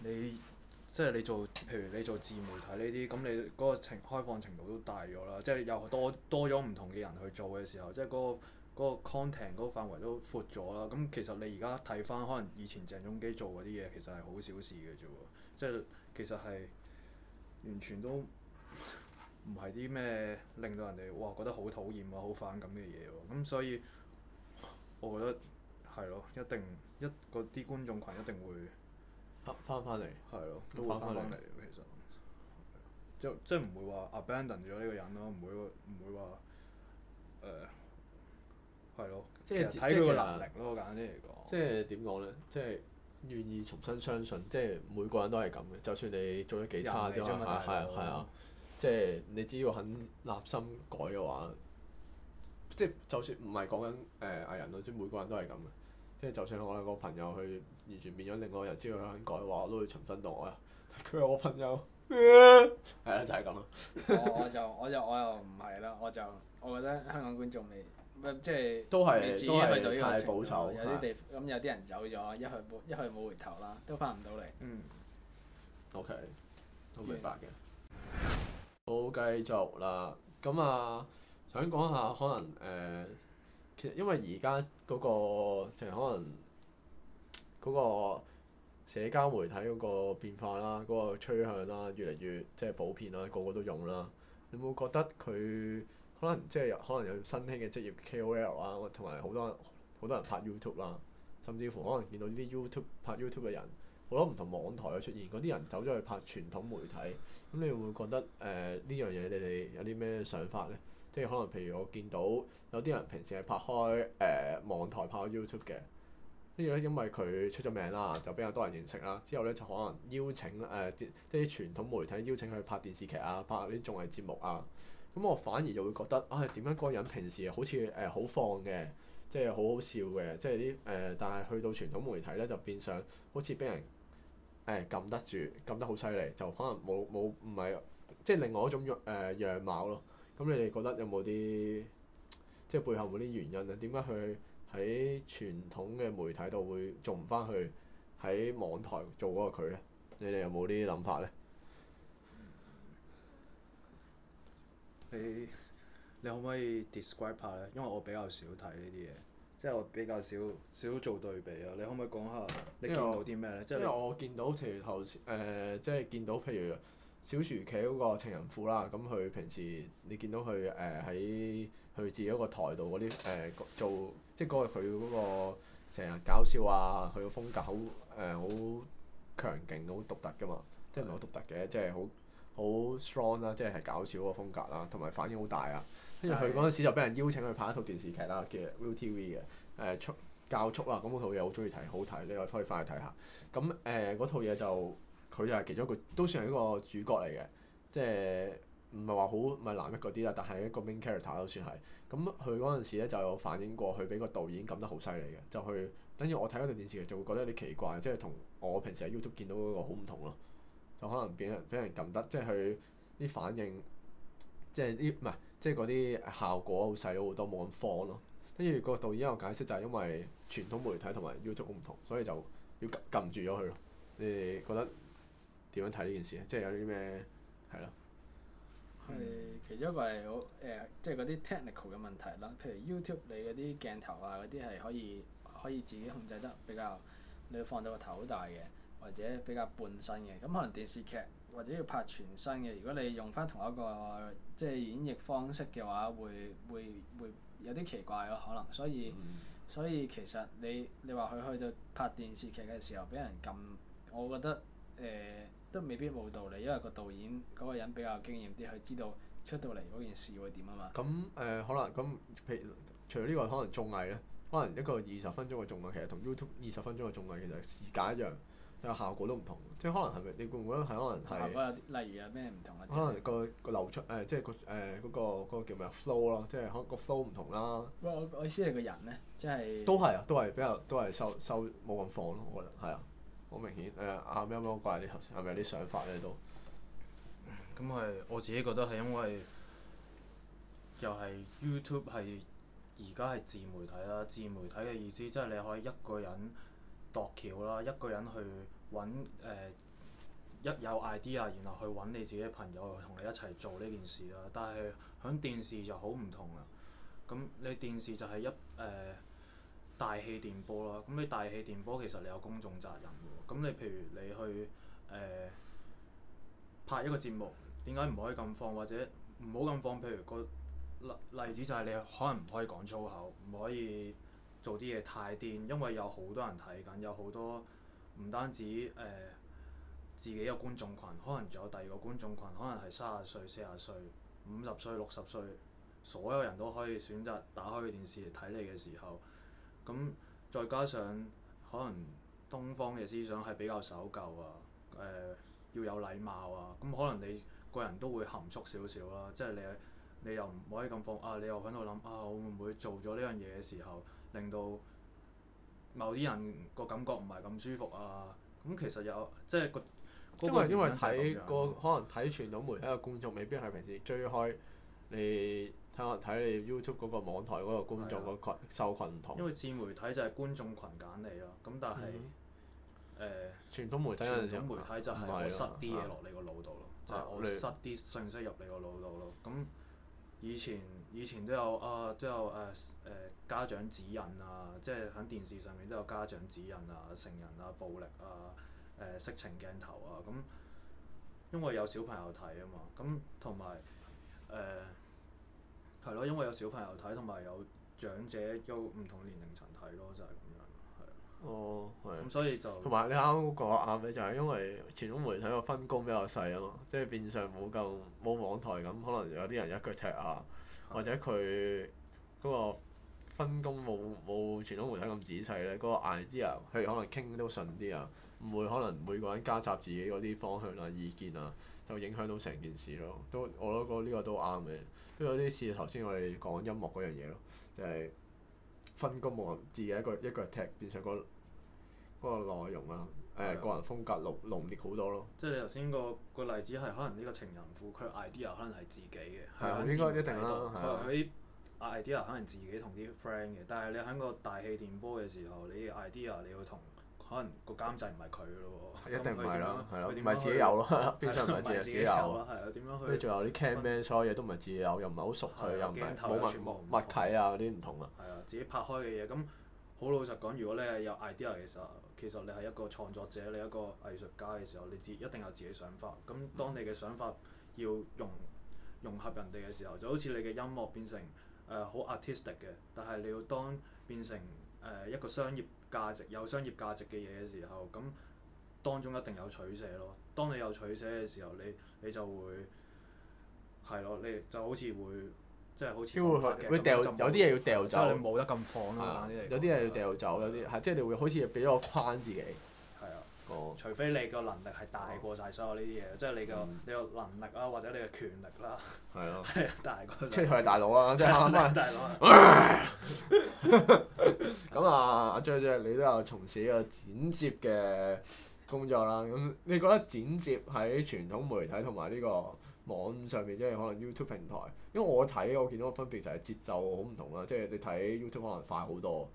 你即係你做，譬如你做自媒體呢啲，咁你嗰個程開放程度都大咗啦。即係有多多咗唔同嘅人去做嘅時候，即係嗰個嗰個 content 嗰範圍都闊咗啦。咁其實你而家睇翻，可能以前鄭中基做嗰啲嘢，其實係好小事嘅啫喎。即係其實係完全都。唔係啲咩令到人哋哇覺得好討厭啊、好反感嘅嘢喎，咁所以我覺得係咯，一定一個啲觀眾群一定會返返嚟，係咯，都會返返嚟。其實即即唔會話 abandon 咗呢個人咯，唔會唔會話誒係咯，即係睇佢個能力咯，簡單啲嚟講。即係點講咧？即係願意重新相信，即係每個人都係咁嘅，就算你做咗幾差都係啊，係啊。即係你只要肯立心改嘅話，即係就算唔係講緊誒藝人咯，即每個人都係咁嘅。即係就算我有個朋友去，完全變咗另外一個人，只要佢肯改嘅話，我都會重新當我啦。佢係我朋友，係啦， 就係咁咯。我我就我又唔係啦，我就，我，就，我，我，就我覺得香港觀眾未，即係都係是都係保守，有啲地方咁有啲人走咗一去冇一去冇回頭啦，都翻唔到嚟。嗯。OK，都明白嘅。好繼續啦，咁啊，想講下可能誒、呃，其實因為而家嗰個即係可能嗰個社交媒體嗰個變化啦，嗰、那個趨向啦，越嚟越即係、就是、普遍啦，個個都用啦。你有冇覺得佢可能即係可能有新興嘅職業 KOL 啦、啊，同埋好多好多人拍 YouTube 啦、啊，甚至乎可能見到呢啲 YouTube 拍 YouTube 嘅人，好多唔同網台嘅出現，嗰啲人走咗去拍傳統媒體。咁你會覺得誒呢、呃、樣嘢你哋有啲咩想法咧？即係可能譬如我見到有啲人平時係拍開誒、呃、網台拍 YouTube 嘅，跟住咧因為佢出咗名啦，就比較多人認識啦。之後咧就可能邀請、呃、即係啲啲傳統媒體邀請佢拍電視劇啊、拍啲綜藝節目啊。咁我反而就會覺得，唉、啊，點解嗰個人平時好似誒、呃、好放嘅，即係好好笑嘅，即係啲誒，但係去到傳統媒體咧就變相好似俾人，誒撳、哎、得住，撳得好犀利，就可能冇冇唔係，即係另外一種誒、呃、樣貌咯。咁你哋覺得有冇啲即係背後有冇啲原因呢？點解佢喺傳統嘅媒體度會做唔翻去喺網台做嗰個佢呢？你哋有冇啲諗法呢？你你可唔可以 describe 下呢？因為我比較少睇呢啲嘢。即係我比較少少做對比啊，你可唔可以講下你見到啲咩咧？即係我見到譬如頭先誒，即係見到譬如小薯茄嗰個情人婦啦，咁佢平時你見到佢誒喺佢自己一個台度嗰啲誒做，即係嗰個佢嗰、嗰個成日搞笑啊，佢個風格好誒好強勁，好獨特㗎嘛，的即係唔係好獨特嘅，strong, 即係好好 strong 啦，即係係搞笑個風格啦，同埋反應好大啊！跟住佢嗰陣時就俾人邀請去拍一套電視劇啦，叫 ViuTV 嘅，誒、呃、速教速啦，咁嗰套嘢好中意睇，好睇，你可以翻去睇下。咁誒嗰套嘢就佢就係其中一個，都算係一個主角嚟嘅，即係唔係話好唔係男一嗰啲啦，但係一個 main character 都算係。咁佢嗰陣時咧就有反映過，佢俾個導演撳得好犀利嘅，就去等於我睇嗰套電視劇就會覺得有啲奇怪，即係同我平時喺 YouTube 見到嗰個好唔同咯。就可能俾人俾人撳得，即係佢啲反應，即係啲唔係。即係嗰啲效果好細好多，冇咁放咯。跟住個導演有解釋就係因為傳統媒體同埋 YouTube 唔同，所以就要撳住咗佢咯。你哋覺得點樣睇呢件事啊？即係有啲咩係咯？係、嗯、其中一個係好誒，即、呃、係嗰、就、啲、是、technical 嘅問題啦。譬如 YouTube 你嗰啲鏡頭啊，嗰啲係可以可以自己控制得比較，你要放到個頭好大嘅，或者比較半身嘅。咁可能電視劇。或者要拍全新嘅，如果你用翻同一個即係演繹方式嘅話，會會會有啲奇怪咯，可能，所以、嗯、所以其實你你話佢去、去到拍電視劇嘅時候俾人撳，我覺得誒、呃、都未必冇道理，因為個導演嗰個人比較經驗啲，佢知道出到嚟嗰件事會點啊嘛。咁、呃、誒、這個、可能咁，譬如除咗呢個可能綜藝呢，可能一個二十分鐘嘅綜藝，其實同 YouTube 二十分鐘嘅綜藝其實時間一樣。個效果都唔同，即係可能係咪？你會唔會係可能係？效果有，例如有咩唔同啊？可能個個流出誒，即、欸、係、就係嗰個誒嗰、嗰個、嗰個叫咩 flow 咯，即係個 flow 唔同啦、啊。我意思係個人咧，即係都係啊，都係比較都係收收冇咁放咯，我覺得係啊，好明顯誒。阿喵喵怪你啲頭先係咪有啲想法咧都？咁係我自己覺得係因為又係 YouTube 係而家係自媒體啦，自媒體嘅意思即係你可以一個人度橋啦，一個人去。揾誒、呃、一有 idea，然後去揾你自己朋友，同你一齊做呢件事啦。但係響電視就好唔同啦。咁你電視就係一誒、呃、大氣電波啦。咁你大氣電波其實你有公眾責任喎。咁你譬如你去誒、呃、拍一個節目，點解唔可以咁放，或者唔好咁放？譬如個例例子就係你可能唔可以講粗口，唔可以做啲嘢太癲，因為有好多人睇緊，有好多。唔單止誒、呃、自己嘅觀眾群，可能仲有第二個觀眾群，可能係三十歲、四十歲、五十歲、六十歲，所有人都可以選擇打開電視嚟睇你嘅時候。咁、嗯、再加上可能東方嘅思想係比較守舊啊，誒、呃、要有禮貌啊，咁、嗯、可能你個人都會含蓄少少啦，即係你你又唔可以咁放啊，你又喺度諗啊，會唔會做咗呢樣嘢嘅時候令到某啲人個感覺唔係咁舒服啊，咁其實有即係、就係、個因，因為因為睇個可能睇傳統媒體嘅觀眾未必係平時追開你，睇睇你睇我睇你 YouTube 嗰個網台嗰個觀眾個羣受群唔的同。因為自媒體就係觀眾群揀你咯，咁但係誒、嗯呃、傳統媒體傳統媒體就係我塞啲嘢落你個腦度咯，啊、就我塞啲信息入你個腦度咯，咁。以前以前都有啊，都有誒誒家長指引啊，即係喺電視上面都有家長指引啊，成人啊，暴力啊，誒色情鏡頭啊，咁因為有小朋友睇啊嘛，咁同埋誒係咯，因為有小朋友睇，同埋有，有，有長者有唔同年齡層睇咯，就係、是。哦，係。咁所以就同埋你啱啱講啱嘅就係因為傳統媒體個分工比較細啊嘛，即係變相冇咁冇網台咁，可能有啲人一腳踢啊，或者佢嗰個分工冇冇傳統媒體咁仔細咧，嗰個 idea 佢可能傾都順啲啊，唔會可能每個人夾雜自己嗰啲方向啊、意見啊，就影響到成件事咯。都我覺得呢個都啱嘅，都有啲似頭先我哋講音樂嗰樣嘢咯，就係分工冇咁細嘅一個一腳踢，變相嗰個。嗰個內容啊，誒個人風格濃濃烈好多咯。即係你頭先個個例子係可能呢個情人婦，佢 idea 可能係自己嘅。係應該一定啦。佢佢 idea 可能自己同啲 friend 嘅，但係你喺個大氣電波嘅時候，你 idea 你要同可能個監製唔係佢咯。一定唔係啦，係咯，唔係自己有咯，邊個唔係自己自己有？係啊，點樣去？跟住仲有啲 cameraman，所有嘢都唔係自由，又唔係好熟佢，又唔係冇默契啊嗰啲唔同啦。係啊，自己拍開嘅嘢咁。好老實講，如果你係有 idea 嘅時候，其實你係一個創作者，你一個藝術家嘅時候，你自一定有自己想法。咁當你嘅想法要融融合人哋嘅時候，就好似你嘅音樂變成誒好、呃、artistic 嘅，但係你要當變成誒、呃、一個商業價值有商業價值嘅嘢嘅時候，咁當中一定有取捨咯。當你有取捨嘅時候，你你就會係咯，你就好似會。即係好似會掉，有啲嘢要掉走，即係你冇得咁放啦。有啲嘢要掉走，有啲係即係你會好似俾咗個框自己。係啊，除非你個能力係大過晒所有呢啲嘢，即係你個你個能力啦，或者你嘅權力啦，係咯，大過即係佢係大佬啦，即係咁啊！大佬。咁啊，阿張張，你都有從事呢個剪接嘅工作啦。咁你覺得剪接喺傳統媒體同埋呢個？網上面，即係可能 YouTube 平台，因為我睇我見到個分別就係節奏好唔同啦，即係你睇 YouTube 可能快好多，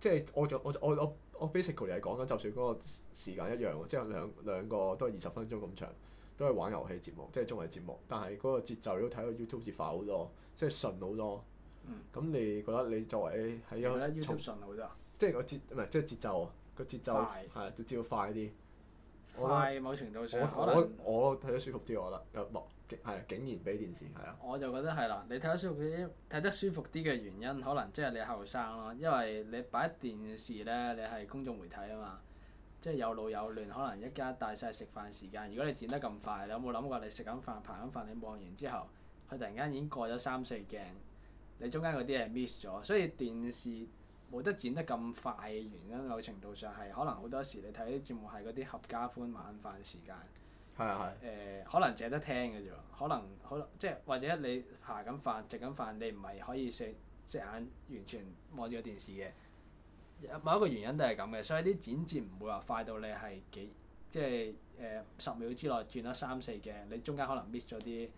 即係我就我我我 basically 係講緊，就算嗰個時間一樣，即係兩兩個都係二十分鐘咁長，都係玩遊戲節目，即係綜藝節目，但係嗰個節奏你都睇到 YouTube 好似快好多，即係順好多。嗯。咁你覺得你作為係有，欸，從？YouTube 順好多。即係個節唔係即係節奏，個節奏係都照快啲。快某程度上，我我睇得舒服啲我覺得，又唔係竟然畀電視係啊！我就覺得係啦，你睇得舒服啲，睇得舒服啲嘅原因，可能即係你後生咯，因為你擺電視呢，你係公眾媒體啊嘛，即係有老有嫩，可能一家一大細食飯時間，如果你剪得咁快，你有冇諗過你食緊飯、排緊飯，你望完之後，佢突然間已經過咗三四鏡，你中間嗰啲係 miss 咗，所以電視，冇得剪得咁快嘅原因，某程度上係可能好多時你睇啲節目係嗰啲合家歡晚飯時間，係啊係，誒可能淨係得聽嘅啫，可能，能可能即係或者你行緊飯食緊飯，你唔係可以食隻眼完全望住個電視嘅，某一個原因都係咁嘅，所以啲剪接唔會話快到你係幾即係誒十秒之內轉咗三四鏡，你中間可能 miss 咗啲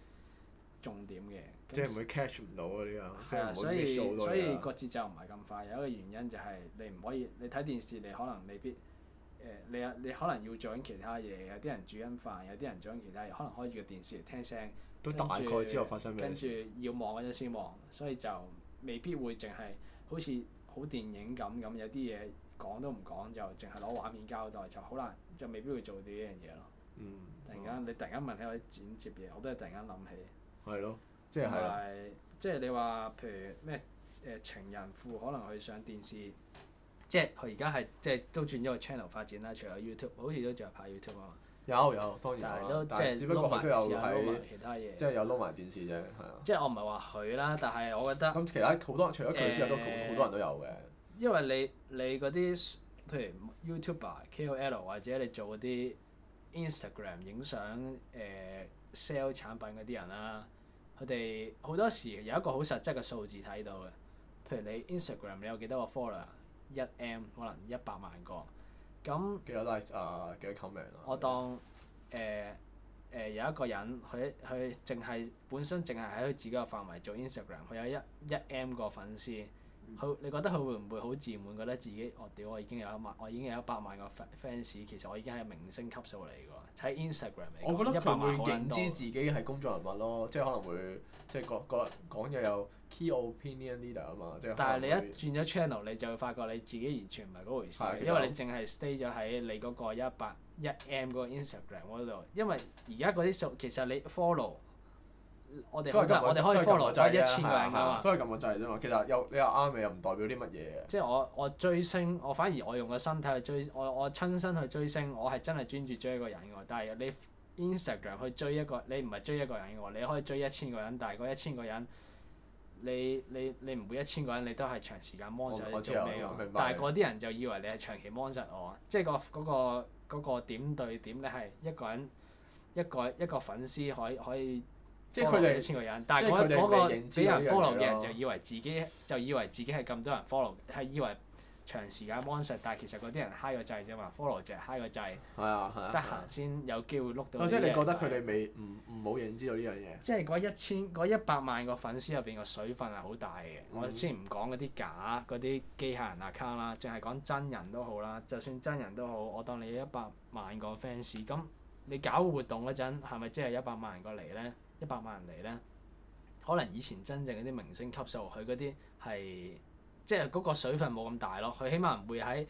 重點嘅。即係會 catch 唔到啊，呢個即係冇咩啊。所以個節奏唔係咁快，有一個原因就係你唔可以，你睇電視你可能未必誒、呃，你你可能要做緊其他嘢，有啲人煮緊飯，有啲人做緊其他嘢。可能開住個電視嚟聽聲。都大概之道發生咩，跟住要望嗰陣先望，所以就未必會淨係好似好電影咁咁，有啲嘢講都唔講，就淨係攞畫面交代，就好難，就未必會做到呢樣嘢咯。嗯嗯、突然間，你突然間問起我啲剪接嘢，我都係突然間諗起。係咯。即係，即係你話，譬如咩誒、呃、情人婦可能佢上電視，即係佢而家係即係都轉咗個 channel 發展啦。除咗 YouTube，好似都仲有拍 YouTube 啊嘛。有有，當然有。但係都即係撈埋電視，撈埋其他嘢。即係有撈埋電視啫，係啊。即係我唔係話佢啦，但係我覺得。咁其他好多除咗佢之外，都好、呃、多人都有嘅。因為你你嗰啲，譬如 YouTube、KOL 或者你做嗰啲 Instagram 影相誒 sell、呃、產品嗰啲人啦。佢哋好多時有一個好實質嘅數字睇到嘅，譬如你 Instagram 你有幾多個 follower？一 M 可能一百萬個，咁幾多 like、uh，多啊？幾多 comment 啊？我當誒誒、呃呃、有一個人佢佢淨係本身淨係喺佢自己嘅範圍做 Instagram，佢有一一 M 個粉絲。佢你覺得佢會唔會好自滿？覺得自己我屌我已經有一萬，我已經有一百萬個 fans 其實我已經係明星級數嚟㗎喎。睇、就是、Instagram 我覺得佢會認知自己係工作人物咯，即係可能會即係個個講嘢有 key opinion leader 啊嘛，但係你一轉咗 channel，你就會發覺你自己完全唔係嗰回事，的因為你淨係 stay 咗喺你嗰個一百一 M 嗰個 Instagram 嗰度，因為而家嗰啲數其實你 follow。我哋都係，我哋 follow 咗一千個人啊嘛，都係咁嘅制啫嘛。其實你又你話啱你又唔代表啲乜嘢。即係我我追星，我反而我用個身體去追，我我親身去追星，我係真係專注追一個人嘅。但係你 Instagram 去追一個，你唔係追一個人嘅話，你可以追一千個人，但係嗰一千個人，你你你唔會一千個人，你都係長時間 mon 實你做咩嘅。但係嗰啲人就以為你係長期 mon 實我，我白即係、嗰個嗰、嗰個嗰、嗰個點對點咧係一個人一個，一個，一，個，一，個，一，個一個粉絲可以可以。即係佢哋一千個人，但係嗰嗰個俾人 follow 嘅人，就以為自己就以為自己係咁多人 follow，係以為長時間 mon 實，但係其實嗰啲人嗨個掣啫嘛，follow 淨係嗨個掣，得閒先有機會 look 到。哦、啊，啊啊、即係你覺得佢哋未唔唔冇認知到呢樣嘢？即係嗰一千嗰一百萬個粉絲入邊個水分係好大嘅。嗯、我先唔講嗰啲假嗰啲機械人 account 啦，淨係講真人都好啦。就算真人都好，我當你一百萬個 fans 咁，你搞活動嗰陣係咪真係一百萬個嚟呢？一百萬人嚟咧，可能以前真正嗰啲明星級數，佢嗰啲係即係嗰個水分冇咁大咯。佢起碼唔會喺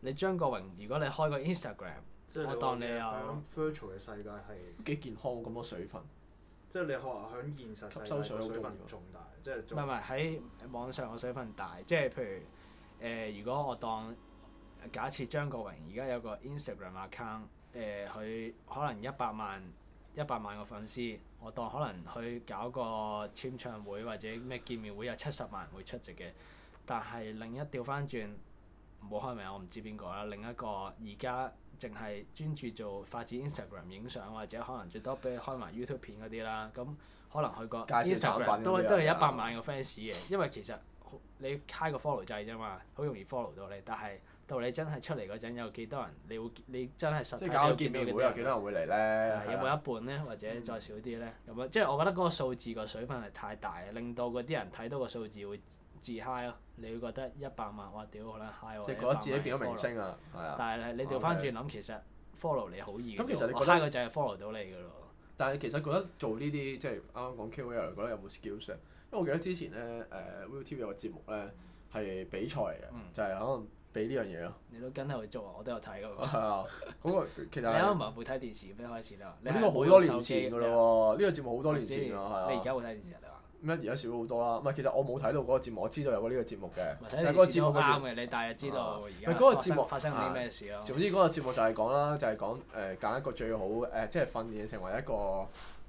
你張國榮。如果你開個 Instagram，即係你你我當你有 virtual 嘅世界係幾健康咁多水分。即係你學下喺現實吸收水分重大，即係唔係唔係喺網上嘅水分大。即係譬如誒、呃，如果我當假設張國榮而家有個 Instagram account，誒、呃、佢可能一百萬。一百萬個粉絲，我當可能去搞個簽唱會或者咩見面會有七十萬人會出席嘅。但係另一調翻轉，唔好開名我唔知邊個啦。另一個而家淨係專注做發展 Instagram 影相或者可能最多俾你開埋 YouTube 片嗰啲啦。咁可能佢個 Instagram 都都係一百萬個 fans 嘅，因為其實你開個 follow 掣啫嘛，好容易 follow 到你，但係，到你真係出嚟嗰陣，有幾多人？你會你真係實體搞個見面會，有幾多人會嚟咧？有冇一半咧？或者再少啲咧？咁樣即係我覺得嗰個數字個水分係太大，令到嗰啲人睇到個數字會自 high 咯。你會覺得一百萬哇，屌好撚 high 喎！即係自己變咗明星啊，但係你調翻轉諗，其實 follow 你好易。咁其實你覺得呢個就係 follow 到你㗎咯？但係其實覺得做呢啲即係啱啱講 KOL，覺得有冇 skills？因為我記得之前咧，誒 ViuTV 有個節目咧係比賽嚟嘅，就係可能。俾呢樣嘢咯！你都跟喺度做啊！我都有睇噶喎。 啊，嗰、嗰個其實你啱啱唔係冇睇電視先開始你啊！呢個好多年前噶啦喎，呢是個節目好多年前啦，係啊。你而家有睇電視啊？你話咩？而家、嗯、少咗好多啦。唔係，其實我冇睇到嗰個節目，我知道有過呢個節目嘅，但係嗰個節目啱嘅，你大約知道而家、啊、發生啲咩事咯、啊？總之嗰個節目就係講啦，就係、是、講誒揀、呃、一個最好誒，即、呃、係訓練成為一個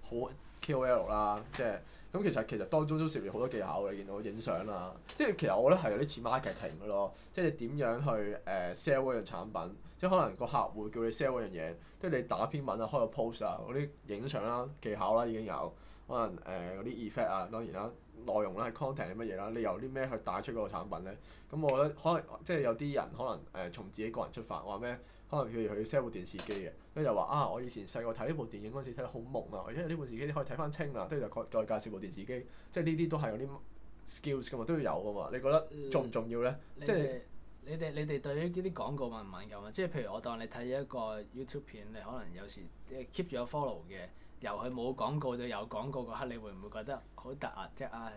好。KOL 啦，OL, 即係咁，其實其實當中都涉獵好多技巧嘅，你見到影相啦，即係其實我覺得係有啲似 marketing 嘅咯，即係你點樣去誒 sell 嗰樣產品，即係可能個客戶叫你 sell 嗰樣嘢，即係你打篇文啊、開個 post 啊、嗰啲影相啦、技巧啦已經有，可能誒嗰啲 effect 啊當然啦，內容啦係 content 係乜嘢啦，你由啲咩去帶出嗰個產品咧？咁我覺得可能即係有啲人可能誒、呃、從自己個人出發話咩？可能譬如佢 sell 部電視機嘅，跟住又話啊，我以前細個睇呢部電影嗰陣時睇得好朦啊，而家呢部電視機你可以睇翻清啦，跟住就再介紹部電視機，即係呢啲都係有啲 skills 㗎嘛，都要有㗎嘛，你覺得重唔重要咧、嗯是？即係你哋你哋對於呢啲廣告敏唔敏感啊？即係譬如我當你睇咗一個 YouTube 片，你可能有時 keep 住有 follow 嘅，由佢冇廣告到有廣告嗰刻，你會唔會覺得好突兀？即係啊，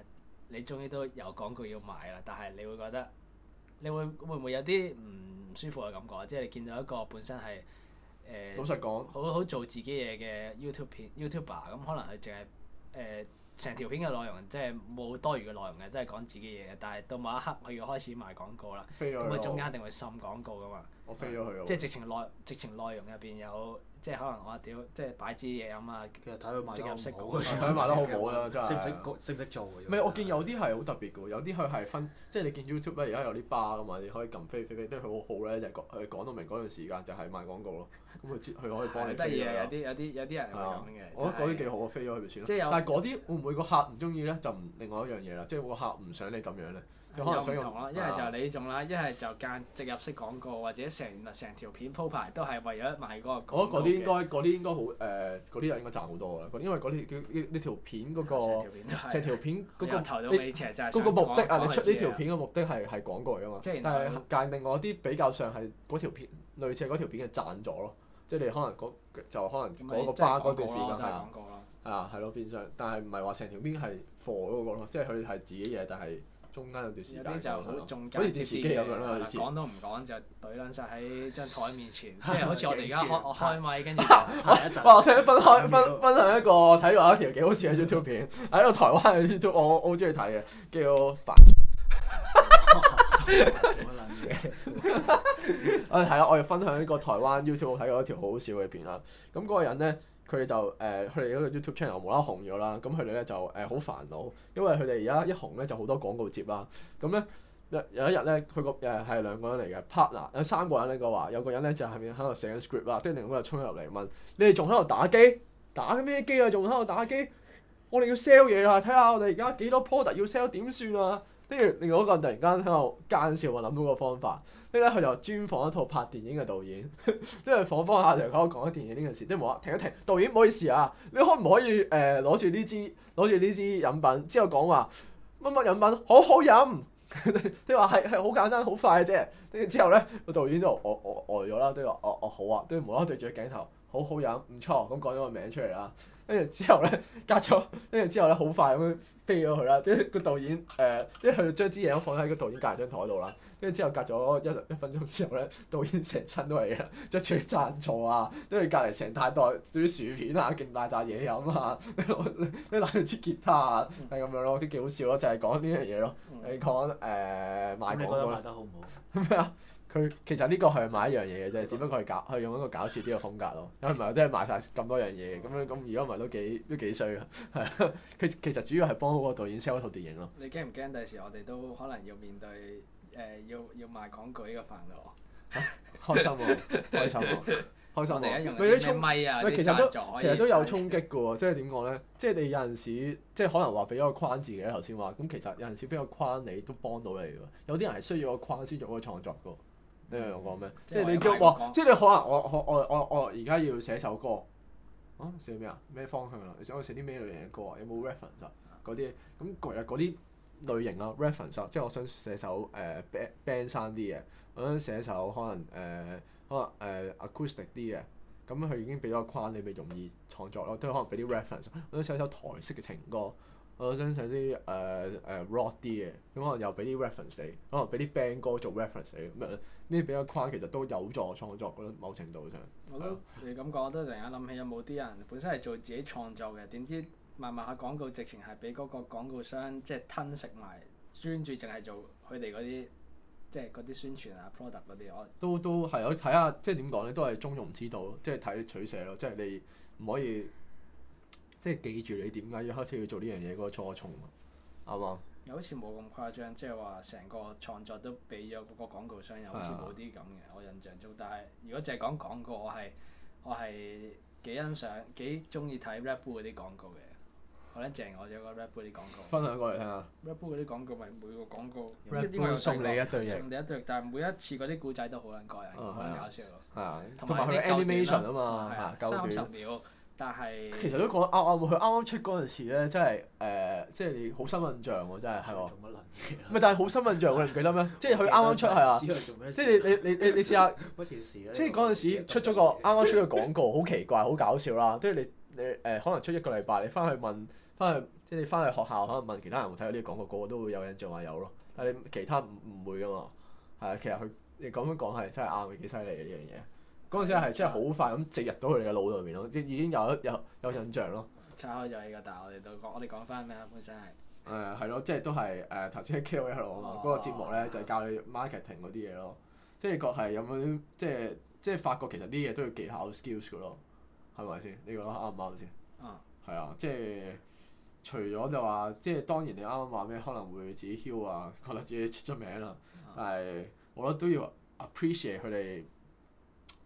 你終於都有廣告要買啦，但係你會覺得？你會會唔會有啲唔舒服嘅感覺啊？即係你見到一個本身係誒，呃、老實講，好好做自己嘢嘅 YouTube 片 YouTuber，咁可能佢淨係誒成條片嘅內容即係冇多餘嘅內容嘅，都係講自己嘢嘅。但係到某一刻佢要開始賣廣告啦，咁佢中間一定會滲廣告噶嘛？我飛咗佢咯，呃、去去即係直情內直情內容入邊有。即係可能我屌，即係擺支嘢飲啊！其實睇佢賣得好唔好，睇賣得好唔好啦，真係識唔識做？唔係，我見有啲係好特別嘅喎，有啲佢係分，嗯、即係你見 YouTube 咧，而家有啲 bar 㗎嘛，你可以撳飛飛飛，即係佢好好咧，就係、講佢講到明嗰段時間就係、係、賣廣告咯。咁佢佢可以幫你飛嘅。係、啊、有啲、啊、有啲有啲人係咁嘅。我覺得嗰啲幾好啊，飛咗佢咪算咯。有但係嗰啲會唔會個客唔中意咧？就唔另外一樣嘢啦，即係個客唔想你咁樣咧，就可能想用。嗯、同啦。一係、啊、就你呢種啦，一係就間植入式廣告或者成成條片鋪排都係為咗賣嗰個。應該嗰啲應該好誒，嗰啲又應該賺好多啦。因為嗰啲佢呢條片嗰、嗰個成條片嗰、嗰個、 個目的啊，你出呢條片嘅目的係係廣告嚟噶嘛？但係另外一啲比較上係嗰條片、嗯、類似嗰條片係賺咗咯，即係你可能、嗯、就可能嗰個巴嗰段時間係啊，係咯變相，但係唔係話成條片係 for 嗰個咯，即係佢係自己嘢，但係。中間有段時間。有啲就中間。啲電視機咁樣咯。講都唔講，就懟撚晒喺張台面前，即係好似我哋而家開我開咪，跟住話我想分開分分享一個睇過一條幾好笑嘅 YouTube 片，喺度台灣嘅 YouTube 我好中意睇嘅，叫煩。做乜撚嘢？啊係啦，我哋分享一個台灣 YouTube 睇過一條好好笑嘅片啦。咁嗰個人咧。佢哋就誒，佢、呃、哋嗰個 YouTube channel 無啦啦紅咗啦，咁佢哋咧就誒好、呃、煩惱，因為佢哋而家一紅咧就好多廣告接啦，咁咧有有一日咧，佢個誒係、呃、兩個人嚟嘅 partner，有三個人咧個話，有個人咧就喺、是、面喺度寫緊 script 啦，跟住另一個就衝入嚟問：你哋仲喺度打機？打緊咩機啊？仲喺度打機？我哋要 sell 嘢啦，睇下我哋而家幾多 product 要 sell 點算啊？跟住另外一個人突然間喺度奸笑，我諗到個方法。跟住咧，佢就專訪一套拍電影嘅導演，跟住訪訪下就講講緊電影呢件事。跟住無啦停一停，導演唔好意思啊，你可唔可以誒攞住呢支攞住呢支飲品？之後講話乜乜飲品好好飲。佢話係好簡單好快啫。跟住之後咧，個導演就呆呆咗啦。跟住話哦哦好啊，跟住無啦對住個鏡頭好好飲，唔錯。咁講咗個名出嚟啊。跟住之後咧，隔咗跟住之後咧，好快咁樣飛咗佢啦。跟住、呃、個導演誒，跟住佢將支嘢放喺個導演隔離張台度啦。跟住之後隔咗一一分鐘之後咧，導演成身都係嘢啦，著住啲贊助啊。跟住隔離成大袋啲薯片啊，勁大扎嘢飲啊，跟住攞啲攞住支吉他啊，係咁、嗯、樣、就是、咯，都幾好笑咯，就係講呢樣嘢咯。呃嗯、買你講誒賣廣告你覺得賣得好唔好？咩啊？佢其實呢個係賣一樣嘢嘅啫，吧只不過係搞係用一個搞笑啲嘅風格咯。如果唔係，即係賣晒咁多樣嘢，咁樣咁如果唔係都幾都幾衰啊！係啊，佢其實主要係幫嗰個導演 sell 一套電影咯。你驚唔驚第時我哋都可能要面對誒、呃、要要賣廣告呢個煩惱、啊？開心啊！開心啊！開心嚟啊！俾啲衝咪啊！喂是，其實都其實都有衝擊嘅喎，即係點講咧？即係你有陣時即係可能話俾一個框住嘅頭先話，咁其實有陣時俾個框你都幫到你喎。有啲人係需要個框先做個創作嘅喎。你又講咩？即係你叫我，即係你可能我我我我而家要寫首歌，啊寫咩啊？咩方向啊？你想我寫啲咩類型嘅歌啊？有冇 reference 啊？嗰啲？咁嗰日嗰啲類型咯，reference，即係我想寫首誒、呃、band band sound 啲嘅，我想寫首、呃、可能誒可能誒 acoustic 啲嘅，咁、嗯、佢已經俾咗個框，你咪容易創作咯，即係可能俾啲 reference，我想寫首台式嘅情歌，我想寫啲誒誒 rock 啲嘅，咁、嗯、可能又俾啲 reference 你，可能俾啲 band 歌做 reference 你，唔係。呢啲比較誇，其實都有助創作嘅咯，某程度上。我都你咁講，我 都突然間諗起有冇啲人本身係做自己創作嘅，點知慢慢喺廣告直情係俾嗰個廣告商即係、就是、吞食埋，專注淨係做佢哋嗰啲即係嗰啲宣傳啊、product 嗰啲。我都都係我睇下，即係點講咧，都係中庸之道咯，即係睇取捨咯。即係你唔可以即係記住你點解要開始要做呢樣嘢嗰個初衷，啱唔啱？又好似冇咁誇張，即係話成個創作都俾咗個廣告商，又好似冇啲咁嘅，我印象中。但係如果淨係講廣告，我係我係幾欣賞、幾中意睇 Red Bull 啲廣告嘅。我咧正我有個 Red Bull 啲廣告。分享過嚟聽下。Red Bull 啲廣告咪每個廣告，因為送你一對翼，送你一對翼。但係每一次嗰啲故仔都好撚引人入勝，搞笑咯。同埋佢嘅 animation 啊嘛，三十秒。但係其實都講啱啱佢啱啱出嗰陣時咧、呃，真係誒，即係你好深印象喎，真係係喎。做乜撚嘢？唔係，但係好深印象喎，你唔記得咩？即係佢啱啱出係啊，即、啊、係你你你你你試下。即係嗰陣時出咗個啱啱出嘅廣告，好 奇怪，好搞笑啦。跟、嗯、住你你誒、呃，可能出一個禮拜，你翻去問翻去，即係你翻去學校可能問其他人有冇睇到呢個廣告，個、那個都會有印象話有咯。但你其他唔唔會噶嘛。係啊，其實佢你咁樣講係真係啱嘅，幾犀利嘅呢樣嘢。嗰陣時係真係好快咁植入到佢哋嘅腦入面咯，即係已經有有有印象咯。拆開咗呢個，但係我哋都講，我哋講翻咩？本身係誒係咯，即係都係誒頭先喺 KOL 嗰個節目咧，就係教你 marketing 嗰啲嘢咯。即係覺係有冇，即係即係發覺其實啲嘢都要技巧 skills 嘅咯，係咪先？你覺得啱唔啱先？嗯，係啊，即係除咗就話，即係當然你啱啱話咩可能會自己 hilo 啊，覺得自己出咗名啦，但係我覺得都要 appreciate 佢哋。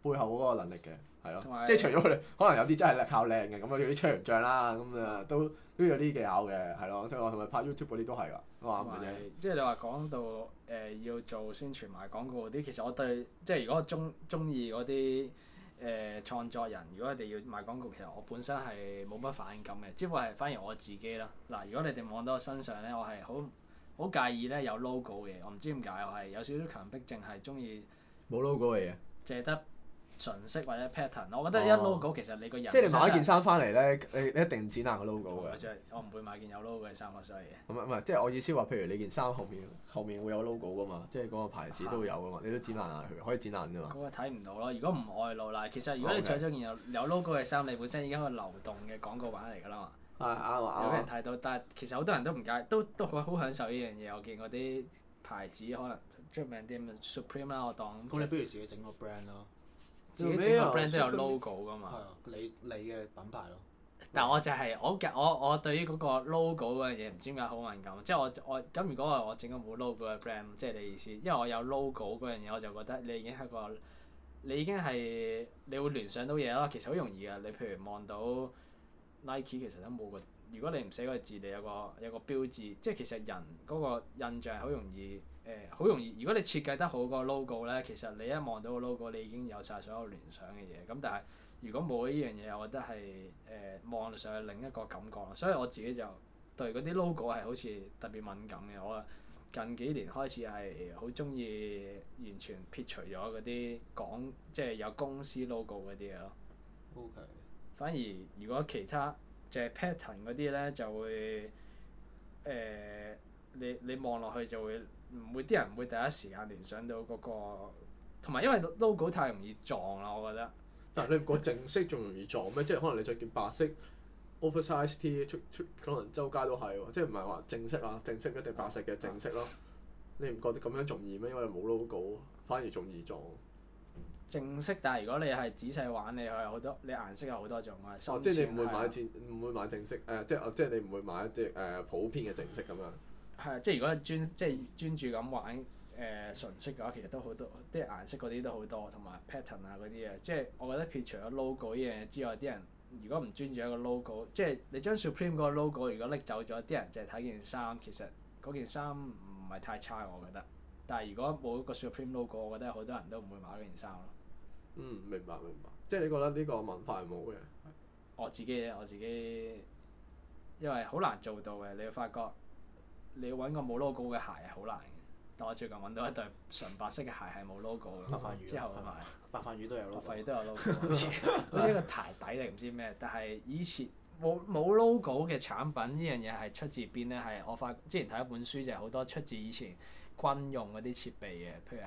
背後嗰個能力嘅，係咯，有即係除咗佢哋，可能有啲真係靚靠靚嘅，咁啊有啲吹唔漲啦，咁啊都都有啲技巧嘅，係咯，同埋同埋拍 YouTube 嗰啲都係㗎，我話唔定。有即係你話講到誒、呃、要做宣傳賣廣告啲，其實我對即係如果我中中意嗰啲誒創作人，如果佢哋要賣廣告，其實我本身係冇乜反感嘅，只不過係反而我自己啦。嗱，如果你哋望到我身上咧，我係好好介意咧有 logo 嘅，我唔知點解我係有少少強迫症，係中意冇 logo 嘅嘢，淨係得。純色或者 pattern，我覺得一 logo 其實你個人、哦、即係你買一件衫翻嚟咧，你你一定剪爛個 logo 嘅。我唔會買件有 logo 嘅衫，所以唔係唔係，即係我意思話，譬如你件衫後面後面會有 logo 噶嘛，即係嗰個牌子都會有噶嘛，啊、你都剪爛曬佢，啊、可以剪爛㗎嘛。嗰個睇唔到咯，如果唔外露嗱，其實如果你着咗件有 logo 嘅衫，你本身已經係個流動嘅廣告牌嚟㗎啦嘛。啱啊！啊啊有人睇到，但係其實好多人都唔介意都都好好享受呢樣嘢。我見嗰啲牌子可能出名啲，咪 Supreme 啦，我當。咁你不如自己整個 brand 咯。自己整個 brand 麼都有 logo 噶嘛？你你嘅品牌咯。但我就係、是、我我我對於嗰個 logo 嗰樣嘢唔知點解好敏感。即係我我咁如果話我整個冇 logo 嘅 brand，即係你意思？因為我有 logo 嗰樣嘢，我就覺得你已經係個你已經係你會聯想到嘢啦。其實好容易噶。你譬如望到 Nike 其實都冇個，如果你唔寫嗰個字，你有個有個標誌。即係其實人嗰、那個印象係好容易。誒好、呃、容易，如果你設計得好個 logo 呢，其實你一望到個 logo，你已經有晒所有聯想嘅嘢。咁但係如果冇呢樣嘢，我覺得係誒望上去另一個感覺。所以我自己就對嗰啲 logo 係好似特別敏感嘅。我近幾年開始係好中意完全撇除咗嗰啲講即係有公司 logo 嗰啲嘢咯。Okay. 反而如果其他淨係 pattern 嗰啲呢，就會誒、呃、你你望落去就會。唔會啲人唔會第一時間聯想到嗰個，同埋因為 logo 太容易撞啦，我覺得。但係你唔覺淨色仲容易撞咩？即係可能你着件白色 oversize T 出出，可能周街都係即係唔係話淨色啊？淨色唔一定白色嘅淨色咯。你唔覺得咁樣仲易咩？因為冇 logo，反而仲易撞。淨色，但係如果你係仔細玩，你有好多，你顏色有好多種啊。即係你唔會買正唔會買淨色誒？即係即係你唔會買一啲誒普遍嘅淨色咁樣。係，即係如果專即係專注咁玩誒、呃、純色嘅話，其實都好多啲顏色嗰啲都好多，同埋 pattern 啊嗰啲嘢。即係我覺得撇除咗 logo 呢樣嘢之外，啲人如果唔專注一個 logo，即係你將 Supreme 嗰個 logo 如果拎走咗，啲人淨係睇件衫。其實嗰件衫唔係太差，我覺得。但係如果冇個 Supreme logo，我覺得好多人都唔會買嗰件衫咯。嗯，明白明白。即係你覺得呢個文化係冇嘅？我自己我自己，因為好難做到嘅，你會發覺。你要揾個冇 logo 嘅鞋係好難。但我最近揾到一對純白色嘅鞋係冇 logo 嘅，白飯魚啊、之後同埋白飯魚都有 logo，白飯魚都有 logo，好似好似個鞋底定唔知咩。但係以前冇冇 logo 嘅產品呢樣嘢係出自邊咧？係我發之前睇一本書就係、是、好多出自以前軍用嗰啲設備嘅，譬如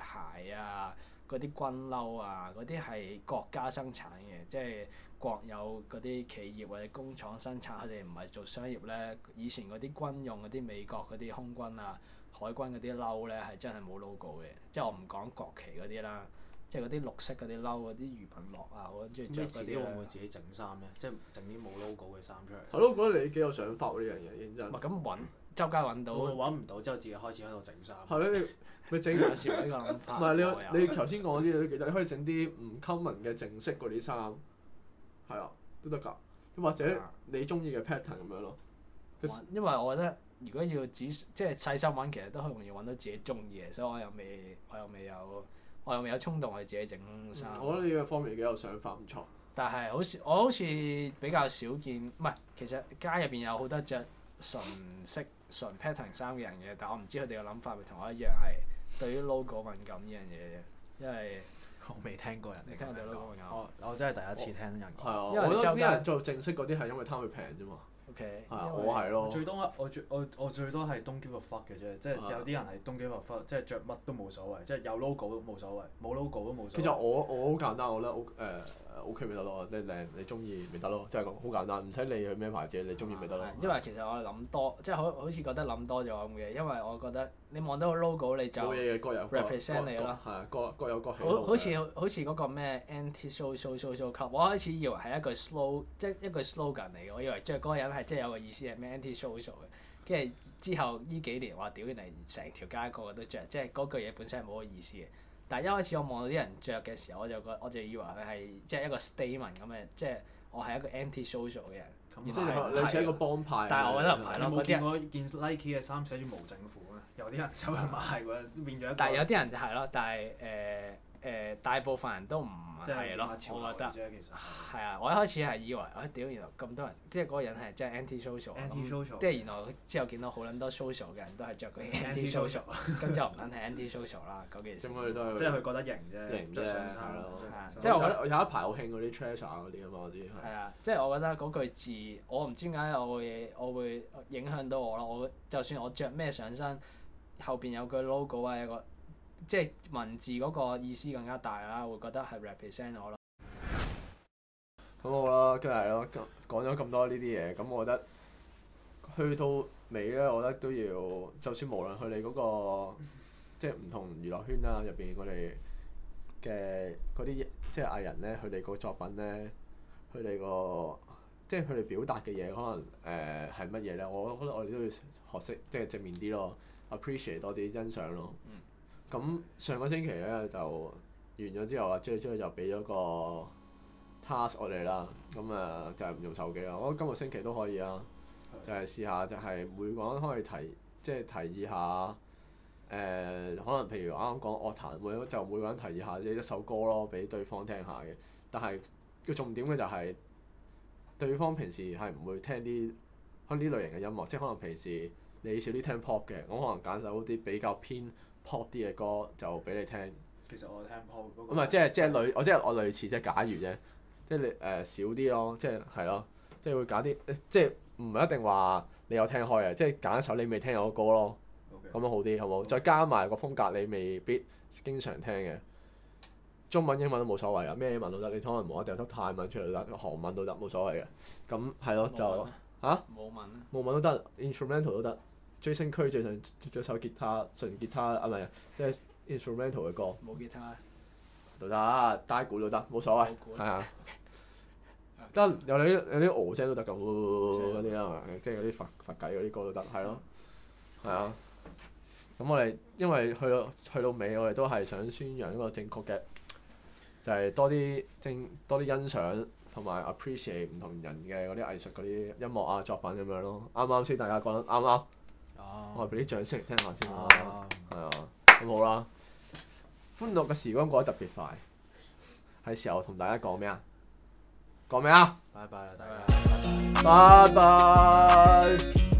鞋啊、嗰啲軍褸啊，嗰啲係國家生產嘅，即係。國有嗰啲企業或者工廠生產，佢哋唔係做商業咧。以前嗰啲軍用嗰啲美國嗰啲空軍啊、海軍嗰啲褸咧，係真係冇 logo 嘅。即係我唔講國旗嗰啲啦，即係嗰啲綠色嗰啲褸嗰啲漁品樂啊，好中意著嗰啲。你自己會唔會自己整衫咧？即係整啲冇 logo 嘅衫出嚟。係咯，覺得你幾有想法喎呢樣嘢，認真。唔係咁揾周街揾到，揾唔到之後自己開始喺度整衫。係咯，咪整有時我呢個諗法。唔係你，你頭先講嗰啲嘢，你你可以整啲唔 common 嘅正式嗰啲衫。係啊，都得㗎，或者你中意嘅 pattern 咁樣咯。啊、是因為我覺得如果要只即係細心揾，其實都好容易揾到自己中意嘅，所以我又未，我又未有，我又未有，有衝動去自己整衫，嗯。我覺得呢個方面幾有想法，唔錯。但係好似我好似比較少見，唔係，其實街入邊有好多着純色、純 pattern 衫嘅人嘅，但我唔知佢哋嘅諗法咪同我一樣係對於 logo 敏感呢樣嘢，嘅，因為。我未聽過人講，你聽人哋咯。喔喔、我我真係第一次聽人講。係啊，因為我覺得啲人做正式嗰啲係因為貪佢平啫嘛。O K。係啊，因為 我係是咯。最多我最我我最多係 don't give a fuck 嘅啫，即係、啊、有啲人係 don't give a fuck，即係着乜都冇所謂，即、就、係、是、有 logo 都冇所謂，冇 logo 都冇所謂。其實我我好簡單，嗯、我覺得誒。Uh, OK 咪得咯，你靚你中意咪得咯，即係咁好簡單，唔使理佢咩牌子，你中意咪得咯。因為其實我諗多，即係好好似覺得諗多咗咁嘅，因為我覺得你望到個 logo 你就。冇嘢嘅，各有個各。represent 你咯。係啊，各各，各，各有各起。好似好似嗰個咩 anti social social club，我開始以為係一句 slow，即係一句 slogan 嚟嘅，我以為著嗰個人係即係有個意思係咩 anti social 嘅，跟住之後呢幾年話屌，原來成條街個個都着，即係嗰句嘢本身係冇個意思嘅。但一開始我望到啲人著嘅時候，我就覺得我就以為佢係即係一個 statement 咁嘅，即係我係一個 anti-social 嘅人。咁即係類似一個幫派。啊、但係我覺得唔係咯，你冇見過件 Nike 嘅衫寫住無政府啊？有啲人走去買喎，變咗一個。但係有啲人就係咯， 但係誒。呃誒、呃、大部分人都唔係咯，我覺得係啊！我一開始係以為啊屌、哎，原來咁多人，即係嗰個人係真係 anti-social。anti-social，即係原來之後見到好撚多 social 嘅人都係着嗰啲 anti-social，咁就唔撚係 anti-social 啦嗰件事。點、那、佢、個、都係？即係佢覺得型啫，即係上身咯。即係我覺得有一排好興嗰啲 Thrasher 嗰啲啊嘛，嗰啲係啊，即係我覺得嗰句字，我唔知點解我會我會影響到我咯。我就算我著咩上身，後邊有個 logo 啊，有個。即係文字嗰個意思更加大啦，會覺得係 represent 我咯。咁好啦，梗係咯，講咗咁多呢啲嘢，咁我覺得去到尾咧，我覺得都要，就算無論佢哋嗰個即係唔同娛樂圈啦，入邊，我哋嘅嗰啲即係藝人咧，佢哋個作品咧，佢哋個即係佢哋表達嘅嘢，可能誒係乜嘢咧？我覺得我哋都要學識即係、就是、正面啲咯，appreciate 多啲欣賞咯。嗯。咁上個星期咧就完咗之後，阿 J J 就俾咗個 task 我哋啦。咁啊就係唔用手機啦。我覺得今個星期都可以啊，就係試下，就係每個人可以提即係提議下誒、呃，可能譬如啱啱講樂壇，會就每個人提議下即係一首歌咯，俾對方聽下嘅。但係個重點咧就係對方平時係唔會聽啲呢類型嘅音樂，即係可能平時你少啲聽 pop 嘅，我可能揀首啲比較偏 pop 啲嘅歌就俾你聽。其實我聽 pop。唔係即係即係類，我即係我類似即係假如啫，即係你誒少啲咯，即係係咯，即係、即係、會揀啲即係唔係一定話你有聽開嘅，即係揀一首你未聽過嘅歌咯。OK。咁樣好啲，好冇？OK。再加埋個風格，你未必經常聽嘅。中文、英文都冇所謂啊，咩英文都得，你可能無可掉出泰文出嚟都得，韓文都得，冇所謂嘅。咁係咯，就嚇。冇文。冇文、啊、都得，instrumental 都得。追星區最接咗首吉他純吉他啊，唔係即係 instrumental 嘅歌冇吉他都得，帶鼓都得，冇所謂，係啊，得有啲有啲鵝聲都得噶，嗰啲啊嘛，即係嗰啲佛佛偈嗰啲歌都得，係咯，係啊。咁我哋因為去到去到尾，我哋都係想宣揚一個正確嘅，就係多啲正多啲欣賞同埋 appreciate 唔同人嘅嗰啲藝術嗰啲音樂啊作品咁樣咯。啱啱先大家講得啱啱。啊、我哋俾啲掌聲嚟聽下先，係啊，咁、啊啊嗯、好啦。歡樂嘅時光過得特別快，係時候同大家講咩啊？講咩啊？拜拜啦，大家，拜拜。